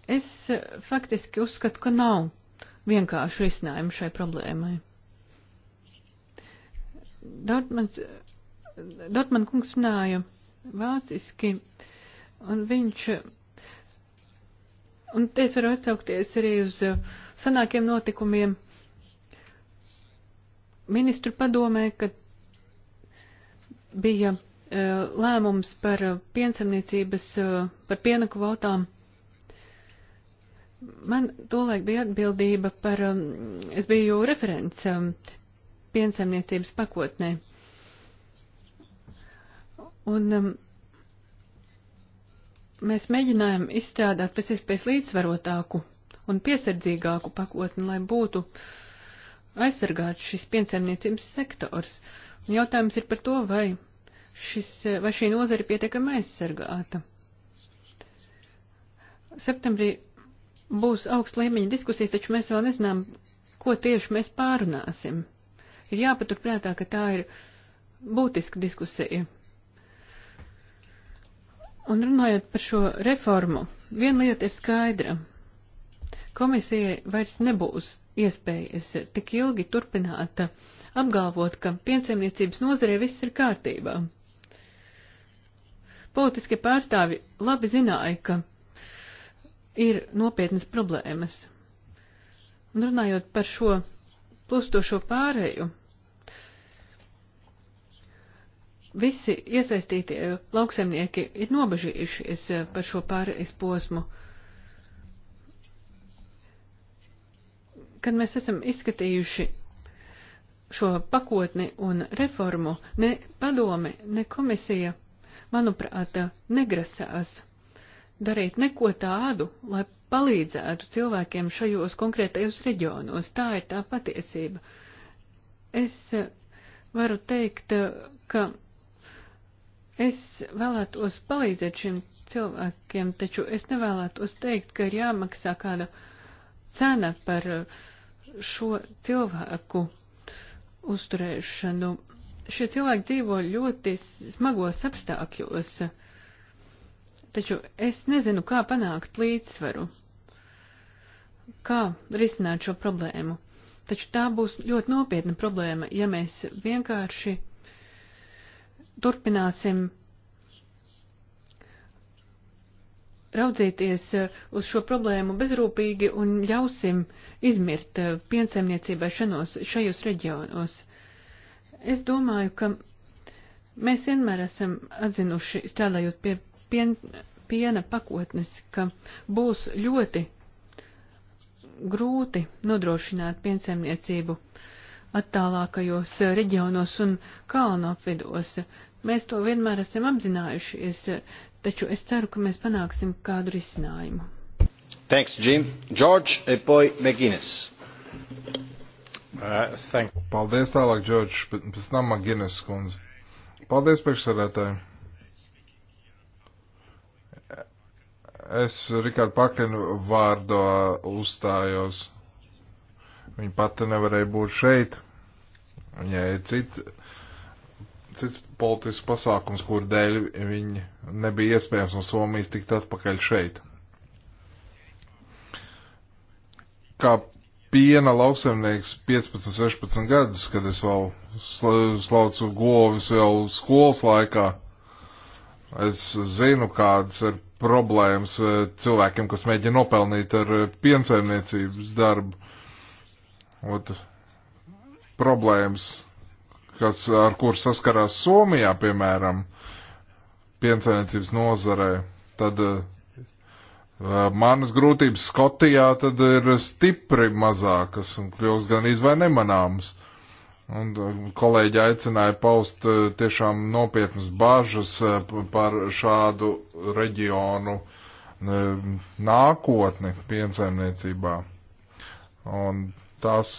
Es eh, faktiski uzskatu, ka nav vienkārši risinājumu šai problēmai. Dortmans, Dortman kungs runāja vāciski, un viņš, un te es varu atsaukties arī uz uh, senākiem notikumiem. Ministru padomē, kad bija eh, lēmums par eh, piensamniecības, eh, par piena kvotām. Man tolaik bija atbildība par, es biju referents piensamniecības pakotnē. Un mēs mēģinājām izstrādāt pēc iespējas līdzsvarotāku un piesardzīgāku pakotni, lai būtu aizsargāts šis piensaimniecības sektors. Un jautājums ir par to, vai, šis, vai šī nozara pietiekami aizsargāta. Septembrī būs augsta līmeņa diskusijas, taču mēs vēl nezinām, ko tieši mēs pārunāsim. Ir jāpaturprātā, ka tā ir būtiska diskusija. Un runājot par šo reformu, viena lieta ir skaidra. Komisijai vairs nebūs iespējas tik ilgi turpināt apgalvot, ka piensaimniecības nozarē viss ir kārtībā. Politiskie pārstāvi labi zināja, ka ir nopietnas problēmas. Un runājot par šo plūstošo pārēju, visi iesaistītie lauksemnieki ir nobežījušies par šo pārējais posmu. Kad mēs esam izskatījuši šo pakotni un reformu, ne padome, ne komisija, manuprāt, negrasās darīt neko tādu, lai palīdzētu cilvēkiem šajos konkrētajos reģionos. Tā ir tā patiesība. Es eh, varu teikt, eh, ka es vēlētos palīdzēt šiem cilvēkiem, taču es nevēlētos teikt, ka ir jāmaksā kāda cena par uh, šo cilvēku uzturēšanu. Šie cilvēki dzīvo ļoti smagos apstākļos, taču es nezinu, kā panākt līdzsvaru, kā risināt šo problēmu. Taču tā būs ļoti nopietna problēma, ja mēs vienkārši turpināsim raudzīties eh, uz šo problēmu bezrūpīgi un ļausim izmirt eh, piensaimniecībai šanos, šajos reģionos. Es domāju, ka mēs vienmēr esam atzinuši, strādājot pie pien, piena pakotnes, ka būs ļoti grūti nodrošināt piensaimniecību attālākajos reģionos un kalnu apvidos. Mēs to vienmēr esam apzinājušies, taču es ceru, ka mēs panāksim kādu risinājumu. Thanks, Jim. George, e poi McGuinness. Uh, thank. Paldies tālāk, George, pēc tam McGuinness kundze. Paldies, priekšsarētāji. Es Rikārdu Pakenu vārdā uzstājos. Viņa pati nevarēja būt šeit. Viņai ir cits, cits politisks pasākums, kur dēļ viņi nebija iespējams no Somijas tikt atpakaļ šeit. Kā piena lauksemnieks 15-16 gadus, kad es vēl slaucu govis vēl skolas laikā, es zinu, kādas ir problēmas eh, cilvēkiem, kas mēģina nopelnīt ar eh, piensaimniecības darbu. Ot, problēmas kas, ar kur saskarās Somijā, piemēram, piensainiecības nozarē, tad uh, manas grūtības Skotijā tad ir stipri mazākas un kļūst gan izvai nemanāmas. Un eh, kolēģi aicināja paust tiešām nopietnas bažas par šādu reģionu nākotni piensaimniecībā. Un tās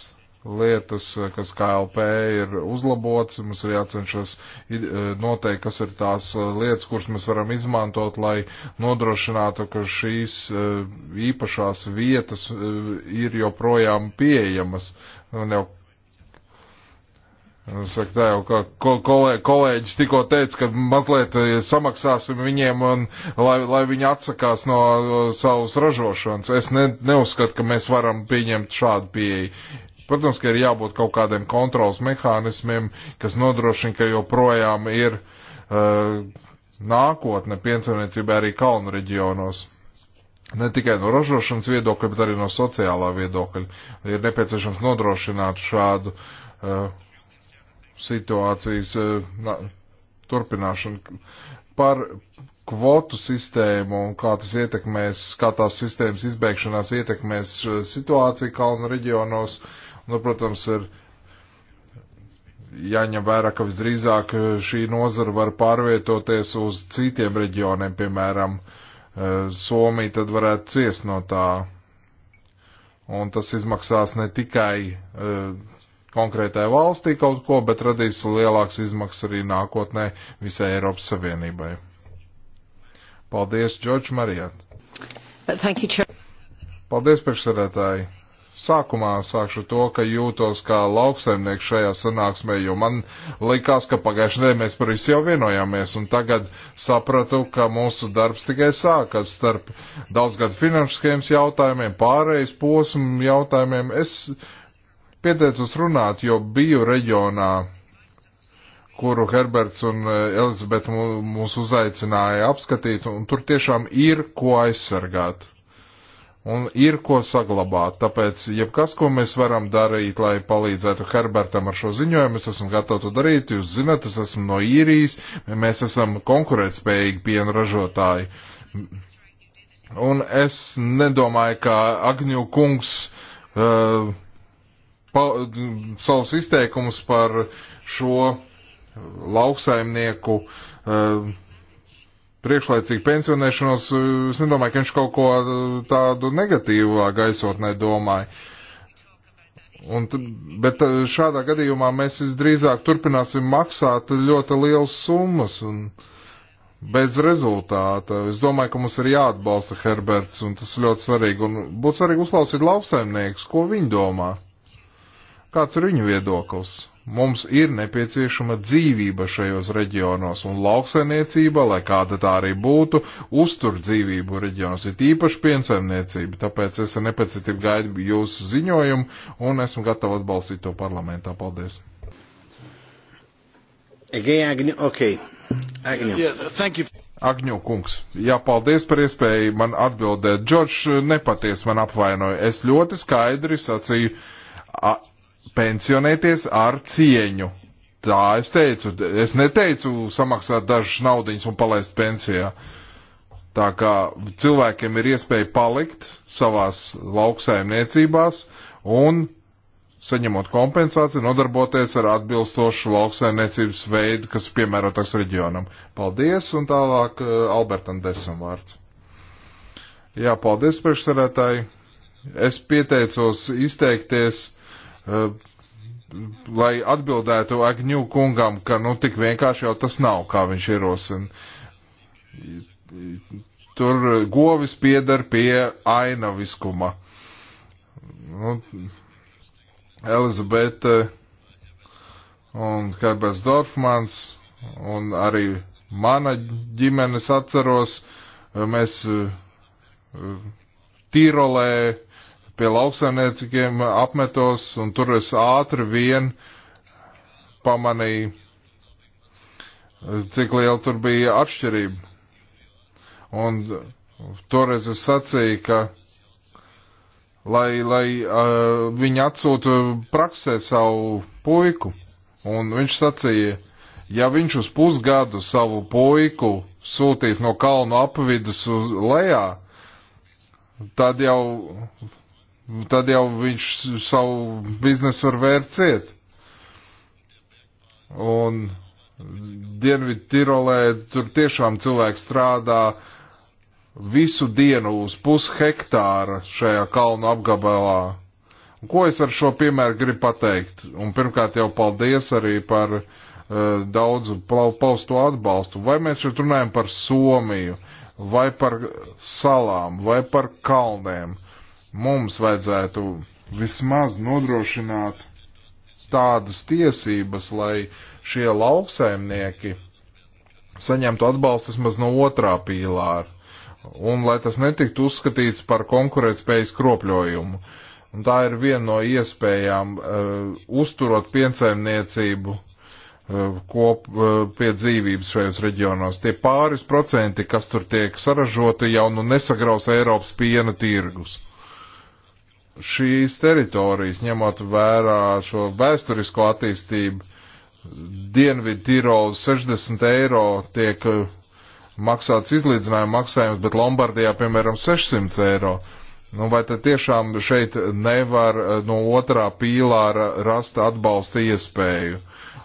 lietas, eh, kas KLP ir uzlabots, mums ir jācenšas eh, noteikt, kas ir tās eh, lietas, kuras mēs varam izmantot, lai nodrošinātu, ka šīs īpašās vietas ir joprojām pieejamas. Un jau Saka, tā jau kā kolē, kolēģis tikko teica, ka mazliet samaksāsim viņiem, un, lai, lai viņi atsakās no savas ražošanas. Es ne, neuzskatu, ka mēs varam pieņemt šādu pieeju. Protams, ka ir jābūt kaut kādiem kontrols mehānismiem, kas nodrošina, ka joprojām ir uh, nākotne piensaimniecībā arī kalnu reģionos. Ne tikai no ražošanas viedokļa, bet arī no sociālā viedokļa. Ir nepieciešams nodrošināt šādu uh, situācijas uh, na, turpināšanu. Par kvotu sistēmu un kā tas ietekmēs, kā tās sistēmas izbeigšanās ietekmēs situāciju kalnu reģionos. Uh, Nu, protams, ir jāņem vērā, ka visdrīzāk eh, šī nozara var pārvietoties uz citiem reģioniem, piemēram, eh, Somija tad varētu ciest no tā. Un tas izmaksās ne tikai eh, konkrētai valstī kaut ko, bet radīs lielāks izmaksas arī nākotnē visai Eiropas Savienībai. Paldies, Džordž Marijāt! Paldies, priekšsarētāji! Sākumā sākšu to, ka jūtos kā lauksaimnieks šajā sanāksmē, jo man likās, ka pagājušajā nedēļā mēs par visu jau vienojāmies, un tagad sapratu, ka mūsu darbs tikai sākas starp daudzgadu finanšiskajiem jautājumiem, pārējais posmu jautājumiem. Es pieteicos runāt, jo biju reģionā, kuru Herberts un e, Elizabete mūs uzaicināja apskatīt, un tur tiešām ir ko aizsargāt un ir ko saglabāt. Tāpēc, jebkas, ko mēs varam darīt, lai palīdzētu Herbertam ar šo ziņojumu, es esmu gatavs to darīt. Jūs zināt, es esmu no īrijas, mēs esam konkurētspējīgi piena ražotāji. Un es nedomāju, ka Agņu kungs uh, pa, savus izteikumus par šo lauksaimnieku uh, priekšlaicīgu pensionēšanos, es nedomāju, ka viņš kaut ko tādu negatīvā gaisotnē domāja. Un, bet eh, šādā gadījumā mēs visdrīzāk turpināsim maksāt ļoti lielas summas un bez rezultāta. Es domāju, ka mums ir jāatbalsta Herberts, un tas ir ļoti svarīgi. Un būtu svarīgi uzklausīt lauksaimniekus, ko viņi domā. Kāds ir viņu viedoklis? Mums ir nepieciešama dzīvība šajos reģionos, un lauksainiecība, lai kāda tā arī būtu, uztur dzīvību reģionos, ir īpaši piensaimniecība, tāpēc es ar nepacietību gaidu jūsu ziņojumu, un esmu gatava atbalstīt to parlamentā. Paldies! Again, okay. Agņu. Yeah, Agņu kungs, jā, paldies par iespēju man atbildēt. Džordžs uh, nepaties man apvainoja. Es ļoti skaidri sacīju, pensionēties ar cieņu. Tā es teicu. Es neteicu samaksāt dažas naudiņas un palaist pensijā. Tā kā cilvēkiem ir iespēja palikt savās lauksaimniecībās un, saņemot kompensāciju, nodarboties ar atbilstošu lauksaimniecības veidu, kas piemērotāks reģionam. Paldies, un tālāk eh, Albertam Desam vārds. Jā, paldies, priekšsarētāji. Es pieteicos izteikties Eh, lai atbildētu Agņu kungam, ka nu tik vienkārši jau tas nav, kā viņš ierosina. Tur govis piedar pie ainaviskuma. Nu, Elizabete eh, un Herbers Dorfmans un arī mana ģimenes atceros, eh, mēs Tīrolē pie lauksaimniecīgiem apmetos, un tur es ātri vien pamanīju, cik liela tur bija atšķirība. Un toreiz es sacīju, ka lai, lai uh, viņi atsūtu praksē savu puiku, un viņš sacīja, ja viņš uz pusgadu savu puiku sūtīs no kalnu apvidus uz lejā, tad jau Tad jau viņš savu biznesu var vērciet. Un Dienvidu Tirolē tur tiešām cilvēki strādā visu dienu uz pushektāra šajā kalnu apgabalā. Un ko es ar šo piemēru gribu pateikt? Un pirmkārt jau paldies arī par uh, daudzu paustu atbalstu. Vai mēs šeit runājam par Somiju, vai par salām, vai par kalniem? mums vajadzētu vismaz nodrošināt tādas tiesības, lai šie lauksaimnieki saņemtu atbalstu vismaz no otrā pīlāra, un lai tas netiktu uzskatīts par konkurētspējas kropļojumu. Un tā ir viena no iespējām uh, uzturot piensaimniecību uh, kop uh, pie dzīvības šajos reģionos. Tie pāris procenti, kas tur tiek saražoti, jau nu nesagraus Eiropas piena tirgus šīs teritorijas, ņemot vērā šo vēsturisko attīstību, Dienvidu Tirols 60 eiro tiek eh, maksāts izlīdzinājuma maksājums, bet Lombardijā, piemēram, 600 eiro. Nu, vai tad tiešām šeit nevar eh, no otrā pīlāra rast atbalsta iespēju,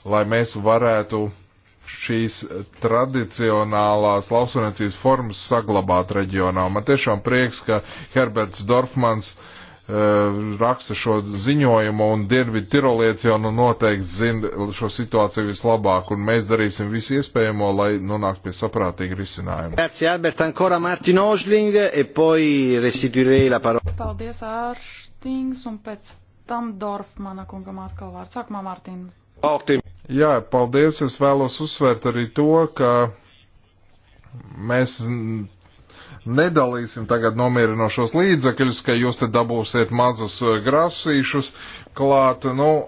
lai mēs varētu šīs tradicionālās lauksaimniecības formas saglabāt reģionā? Man tiešām prieks, ka Herberts Dorfmans uh, Eh, raksta šo ziņojumu, un Dirvi Tiroliets jau nu noteikti zina šo situāciju vislabāk, un mēs darīsim visu iespējamo, lai nonāktu pie saprātīga risinājuma. Grazie, Albert, ancora Martin Ožling, e poi restituirei la parola. Paldies, Ārštings, un pēc tam Dorfmana kungam atkal vārds. Sākumā, Martin. Paldies. Jā, paldies, es vēlos uzsvērt arī to, ka mēs nedalīsim tagad nomierinošos līdzekļus, ka jūs te dabūsiet mazus eh, grasīšus klāt. Nu,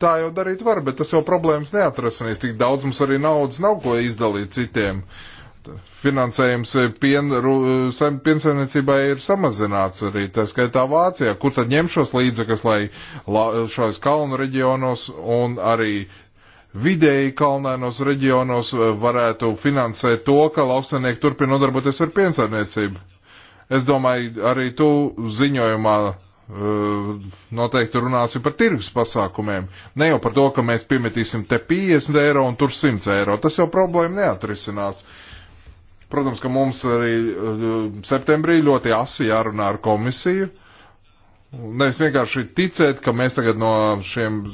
tā jau darīt var, bet tas jau problēmas neatrasinīs. Tik daudz mums arī naudas nav ko izdalīt citiem. Finansējums pien, piensaimniecībai ir samazināts arī, tā skaitā Vācijā, kur tad ņem šos līdzekļus, lai la, šos kalnu reģionos un arī vidēji kalnainos reģionos eh, varētu finansēt to, ka lauksanieki turpina nodarboties ar piensaimniecību. Es domāju, arī tu ziņojumā eh, noteikti runāsim par tirgus pasākumiem. Ne jau par to, ka mēs piemetīsim te 50 eiro un tur 100 eiro. Tas jau problēma neatrisinās. Protams, ka mums arī eh, septembrī ļoti asi jārunā ar komisiju. Nevis vienkārši ticēt, ka mēs tagad no šiem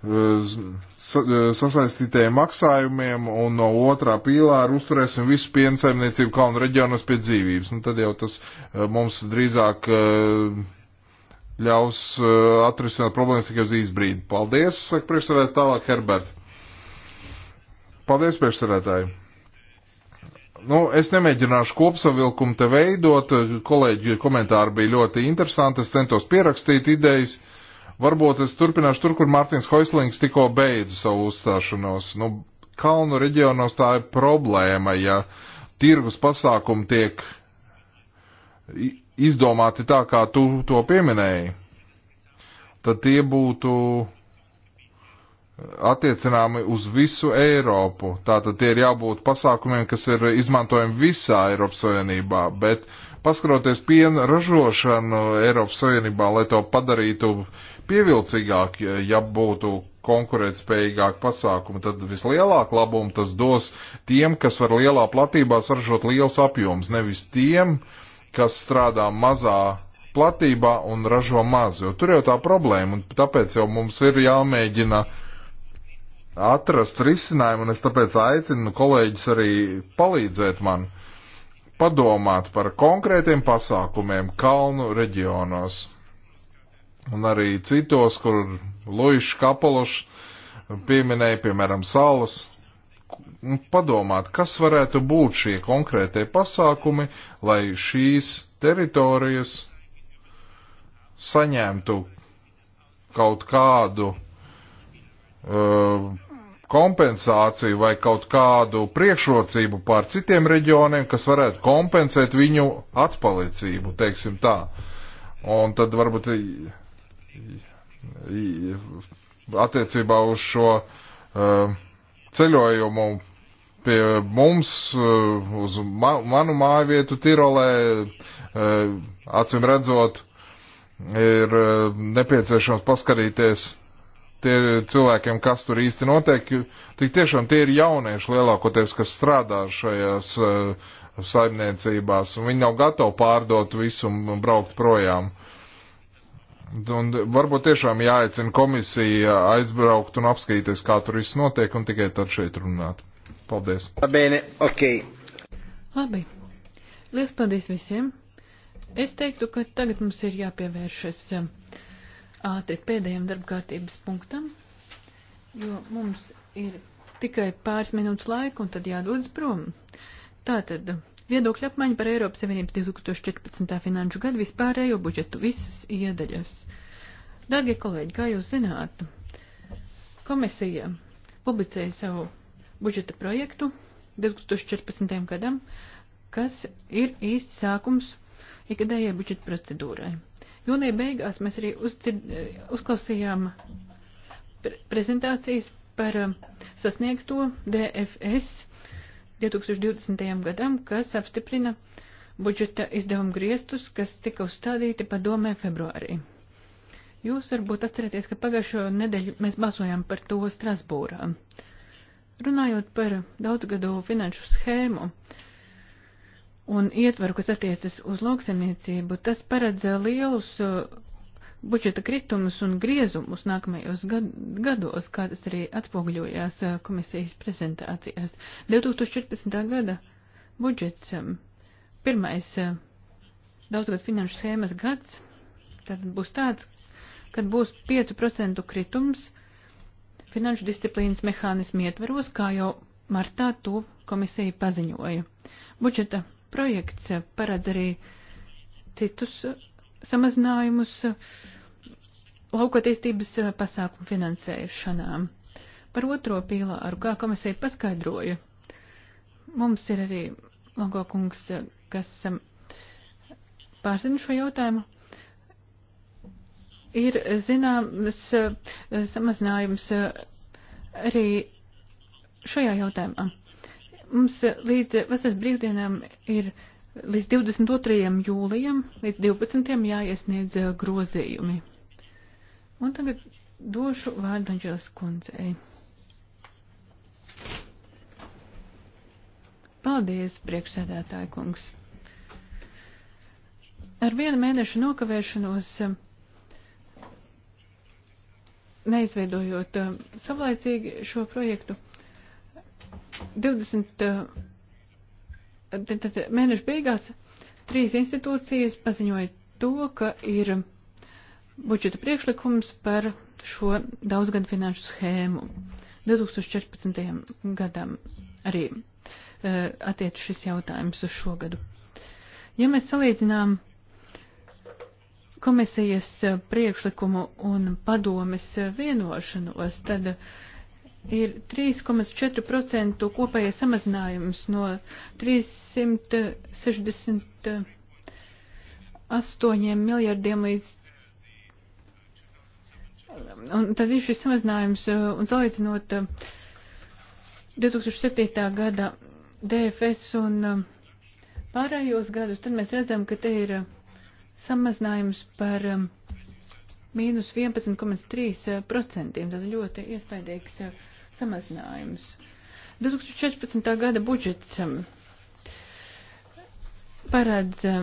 sasaistītajiem maksājumiem, un no otrā pīlāra uzturēsim visu piensaimniecību kalnu reģionos pie dzīvības. Nu, tad jau tas eh, mums drīzāk eh, ļaus eh, atrisināt problēmas tikai uz īsu brīdi. Paldies, saka priekšsarētājs tālāk, Herbert. Paldies, priekšsarētāji. Nu, es nemēģināšu kopsavilkumu te veidot, kolēģi komentāri bija ļoti interesanti, es centos pierakstīt idejas. Uh, Varbūt es turpināšu tur, kur Mārtiņš Hoislings tikko beidza savu uzstāšanos. Nu, kalnu reģionos tā ir problēma, ja tirgus pasākumi tiek izdomāti tā, kā tu to pieminēji, tad tie būtu attiecināmi uz visu Eiropu. Tātad tie ir jābūt pasākumiem, kas ir izmantojami visā Eiropas Savienībā, bet uh, Paskatoties piena ražošanu Eiropas Savienībā, lai to padarītu pievilcīgāk, ja būtu konkurētspējīgāk pasākumi, tad vislielāk labumu tas dos tiem, kas var lielā platībā saražot liels apjoms, nevis tiem, kas strādā mazā platībā un ražo maz, jo tur jau tā problēma, un tāpēc jau mums ir jāmēģina atrast risinājumu, un es tāpēc aicinu kolēģis arī palīdzēt man padomāt par konkrētiem pasākumiem kalnu reģionos un arī citos, kur Luīšs Kapološs pieminēja, piemēram, salas. Padomāt, kas varētu būt šie konkrētie pasākumi, lai šīs teritorijas saņemtu kaut kādu uh, kompensāciju vai kaut kādu priekšrocību pār citiem reģioniem, kas varētu kompensēt viņu atpalicību, teiksim tā. Un tad varbūt attiecībā uz šo uh, ceļojumu pie mums, uh, uz ma manu māju vietu Tirolē, uh, e, acim redzot, ir nepieciešams paskarīties tie cilvēkiem, kas tur īsti notiek, tik tiešām tie ir jaunieši lielākoties, kas strādā šajās uh, saimniecībās, un viņi nav gatavi pārdot visu un braukt projām. Un varbūt tiešām jāaicina komisija aizbraukt un apskatīties, kā tur viss notiek, un tikai tad šeit runāt. Paldies. Labēne, ok. Labi. Lielas paldies visiem. Es teiktu, ka tagad mums ir jāpievēršas. Uh, ātri pēdējiem darbkārtības punktam, jo mums ir tikai pāris minūtes laika un tad jādodas prom. Tātad viedokļa apmaiņa par Eiropas Savienības 2014. finanšu gadu vispārējo budžetu visas iedaļas. Dargie kolēģi, kā jūs zināt, komisija publicēja savu budžeta projektu 2014. gadam, kas ir īsts sākums ikgadējai budžeta procedūrai. Jūnija beigās mēs arī uzcird, uzklausījām pre prezentācijas par um, sasniegto DFS 2020. gadam, kas apstiprina budžeta izdevumu griestus, kas tika uzstādīti padomē februārī. Jūs varbūt atcerieties, ka pagājušo nedēļu mēs balsojām par to Strasbūrā. Runājot par daudzgadu finanšu schēmu, uh, un ietvaru, kas attiecas uz lauksemniecību, tas paredz lielus uh, budžeta kritumus un griezumus nākamajos gados, kā tas arī atspoguļojās uh, komisijas prezentācijās. 2014. gada budžets, um, pirmais uh, daudzgad finanšu schēmas gads, tad būs tāds, kad būs 5% kritums finanšu disciplīnas mehānismu ietveros, kā jau martā to komisija paziņoja. Budžeta projekts paredz arī citus samazinājumus laukotīstības pasākumu finansēšanām. Par otro pīlāru, kā komisija paskaidroja, mums ir arī Logokungs, kas pārzina šo jautājumu. Ir zināms samazinājums arī šajā jautājumā. Mums līdz vasaras brīvdienām ir līdz 22. jūlijam, līdz 12. jāiesniedz uh, grozījumi. Un tagad došu vārdu Anģelas kundzei. Paldies, priekšsēdētāji kungs. Ar vienu mēnešu nokavēšanos, um, neizveidojot um, savlaicīgi šo projektu, 20 uh, eh, mēnešu beigās trīs institūcijas paziņoja to, ka ir budžeta priekšlikums par šo daudzgadu finanšu schēmu. 2014. gadam arī uh, attiec šis jautājums uz šo gadu. Ja mēs salīdzinām komisijas eh, priekšlikumu un padomes vienošanos, tad uh, ir 3,4% kopējais samazinājums no 368 miljardiem līdz. Un tad ir šis samazinājums, uh, un salīdzinot 2007. Uh, gada DFS un uh, pārējos gadus, tad mēs redzam, ka te ir samazinājums par um, mīnus 11,3%. Tas ļoti iespaidīgs eh, samazinājums. 2014. gada budžets eh, paredz eh,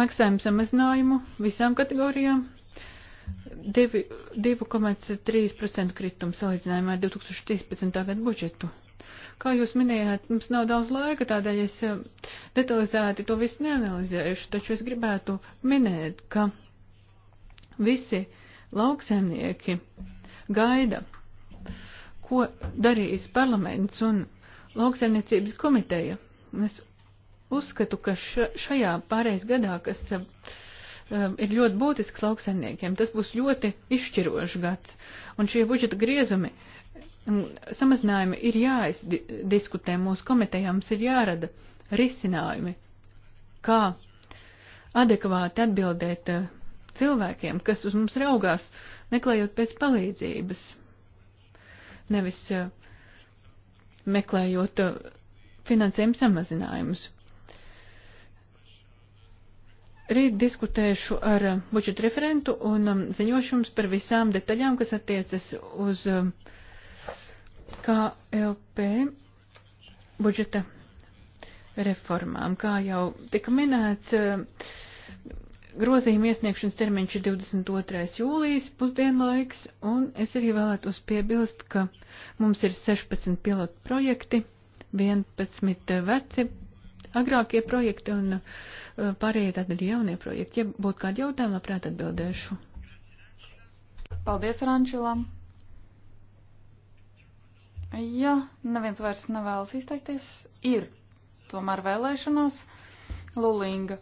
maksājumu samazinājumu visām kategorijām. 2,3% kritums salīdzinājumā ar 2013. gadu budžetu. Kā jūs minējāt, mums nav daudz laika, tādēļ es detalizēti to visu neanalizēšu, taču es gribētu minēt, ka visi lauksaimnieki gaida, ko darīs parlaments un lauksaimniecības komiteja. Es uzskatu, ka šajā pārējais gadā, kas eh, ir ļoti būtisks lauksaimniekiem, tas būs ļoti izšķirošs gads. Un šie budžeta griezumi, samazinājumi ir jāizdiskutē mūsu komitejām, mums ir jārada risinājumi, kā adekvāti atbildēt eh, cilvēkiem, kas uz mums raugās, meklējot pēc palīdzības. Nevis eh, meklējot eh, finansējumu samazinājumus. Rīt diskutēšu ar eh, budžeta referentu un um, ziņošu jums par visām detaļām, kas attiecas uz um, KLP budžeta reformām. Kā jau tika minēts, Grozījuma iesniegšanas termiņš ir 22. jūlijas pusdienlaiks, un es arī vēlētos piebilst, ka mums ir 16 pilotu projekti, 11 eh, veci agrākie projekti un eh, pārējie tad ir jaunie projekti. Ja būtu kādi jautājumi, labprāt atbildēšu. Paldies, Rančilam. Ja neviens vairs nevēlas izteikties, ir tomēr vēlēšanās Lulinga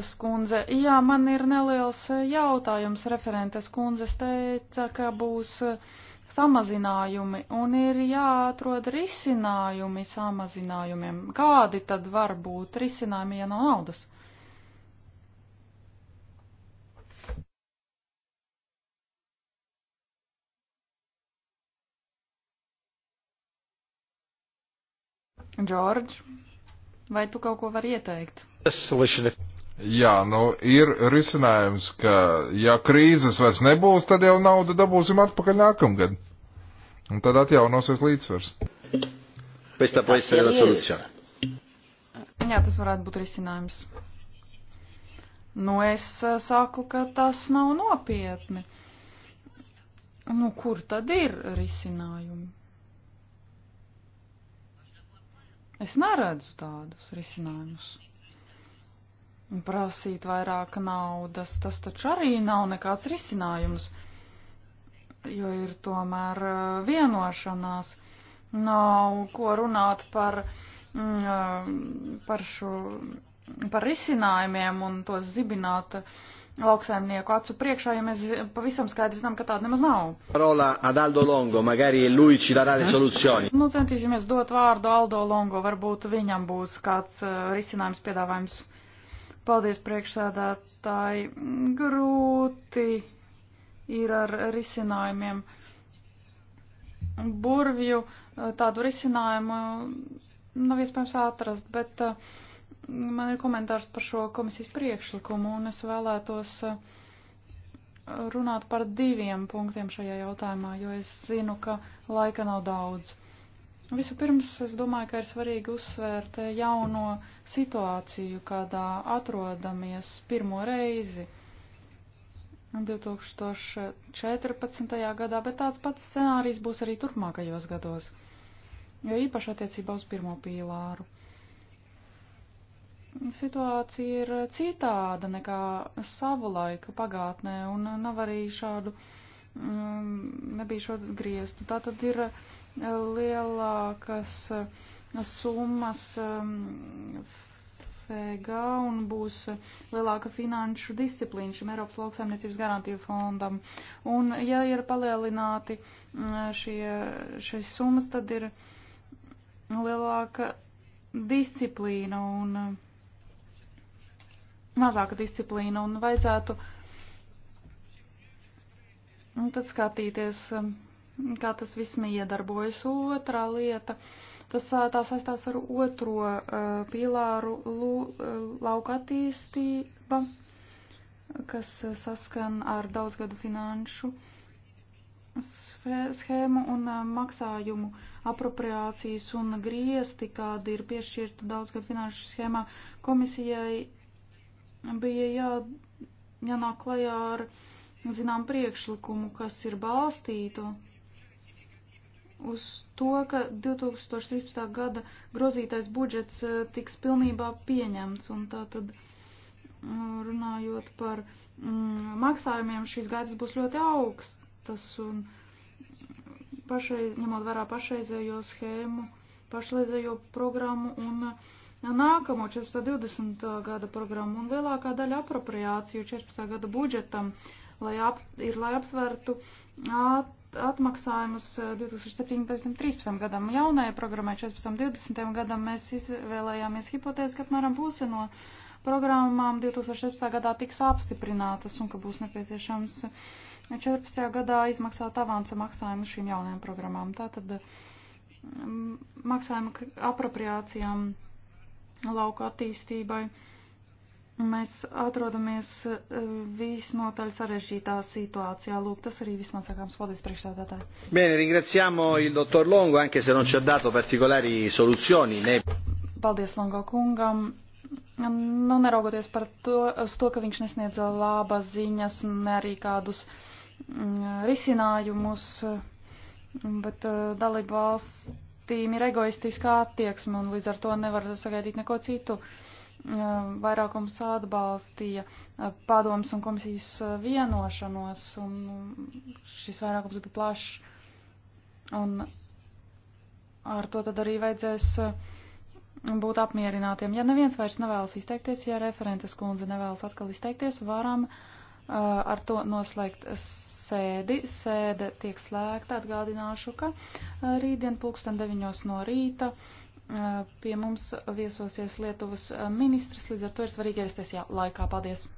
skundze. Jā, man ir neliels eh, jautājums referentes kundzes teica, ka būs eh, samazinājumi un ir jāatrod risinājumi samazinājumiem. Kādi tad var būt risinājumi, ja nav naudas? Džordž, vai tu kaut ko vari ieteikt? Jā, nu ir risinājums, ka ja krīzes vairs nebūs, tad jau naudu dabūsim atpakaļ nākamgad. Un tad atjaunosies līdzsvars. Pēc tā paisa solūcijā. Jā, tas varētu būt risinājums. Nu, es eh, saku, ka tas nav nopietni. Nu, kur tad ir risinājumi? Es neredzu tādus risinājumus prasīt vairāk naudas, tas taču arī nav nekāds risinājums, jo ir tomēr uh, vienošanās. Nav ko runāt par, mm, uh, par, šo, par risinājumiem un tos zibināt lauksaimnieku acu priekšā, ja mēs pavisam skaidri zinām, ka tāda nemaz nav. Parola ad Aldo Longo, magari lui ci darà le soluzioni. Nu, centīsimies dot vārdu Aldo Longo, varbūt viņam būs kāds uh, risinājums piedāvājums. Uh, Paldies priekšsēdētāji. Grūti ir ar risinājumiem. Burvju eh, tādu risinājumu nav iespējams atrast, bet eh, man ir komentārs par šo komisijas priekšlikumu, un es vēlētos eh, runāt par diviem punktiem šajā jautājumā, jo es zinu, ka laika nav daudz. Vispirms es domāju, ka ir svarīgi uzsvērt jauno situāciju, kādā atrodamies pirmo reizi 2014. gadā, bet tāds pats scenārijs būs arī turpmākajos gados, jo īpaši attiecībā uz pirmo pīlāru. Situācija ir citāda nekā savulaika pagātnē un nav arī šādu, mm, nebija šādu grieztu. Tā tad ir lielākas eh, summas ehm, FEGA un būs lielāka finanšu disciplīna šim Eiropas lauksaimniecības garantiju fondam. Un ja ir palielināti eh, šie, šīs summas, tad ir lielāka disciplīna un eh, mazāka disciplīna un vajadzētu un tad skatīties, ehm, kā tas viss iedarbojas. Otrā lieta, tas tā saistās ar otro uh, pīlāru lu, lauka attīstība, kas saskan ar daudzgadu finanšu schēmu un maksājumu apropriācijas un griesti, kādi ir piešķirti daudzgadu finanšu schēmā komisijai, bija jā, jānāk klajā ar zinām priekšlikumu, kas ir balstīto uz to, ka 2013. gada grozītais budžets eh, tiks pilnībā pieņemts. Un tā tad mm, runājot par mm, maksājumiem, šīs gaidas būs ļoti augstas un pašreiz, ņemot vērā pašreizējo schēmu, pašreizējo programmu un eh, nākamo 14.20. Eh, gada programmu un lielākā daļa apropriāciju 14. gada budžetam, lai ap, ir, lai aptvertu at, atmaksājumus 2017.13. Eh, gadam. Jaunajai programmai 14.20. gadam mēs izvēlējāmies hipotēzi, ka apmēram puse no programmām 2017. gadā tiks apstiprinātas un ka būs nepieciešams 14. gadā izmaksāt avansa maksājumu šīm jaunajām programmām. Tātad mm, maksājumu apropriācijām lauka attīstībai. Mēs atrodamies e, visnotaļ sarežģītā situācijā. Lūk, tas arī viss man sakāms. Paldies, priekšsēdētāji. Bene, ringraziamo il dottor Longo, anche se non ci ha dato particolari soluzioni. Ne... Paldies Longo kungam. Nu, neraugoties par to, uz to, ka viņš nesniedza labas ziņas, ne arī kādus mm, risinājumus, bet e, dalību valstīm ir egoistiskā attieksme un līdz ar to nevar sagaidīt neko citu. Uh, vairākums atbalstīja padomus un komisijas vienošanos, un šis vairākums bija plašs. Un ar to tad arī vajadzēs būt apmierinātiem. Ja neviens vairs nevēlas izteikties, ja referentes kundze nevēlas atkal izteikties, varam ar to noslēgt sēdi. Sēde tiek slēgta, atgādināšu, ka rītdien pulksten deviņos no rīta. Uh, Eh, pie mums viesosies Lietuvas eh, ministrs, līdz ar to ir svarīgi ierasties jā, laikā. Paldies!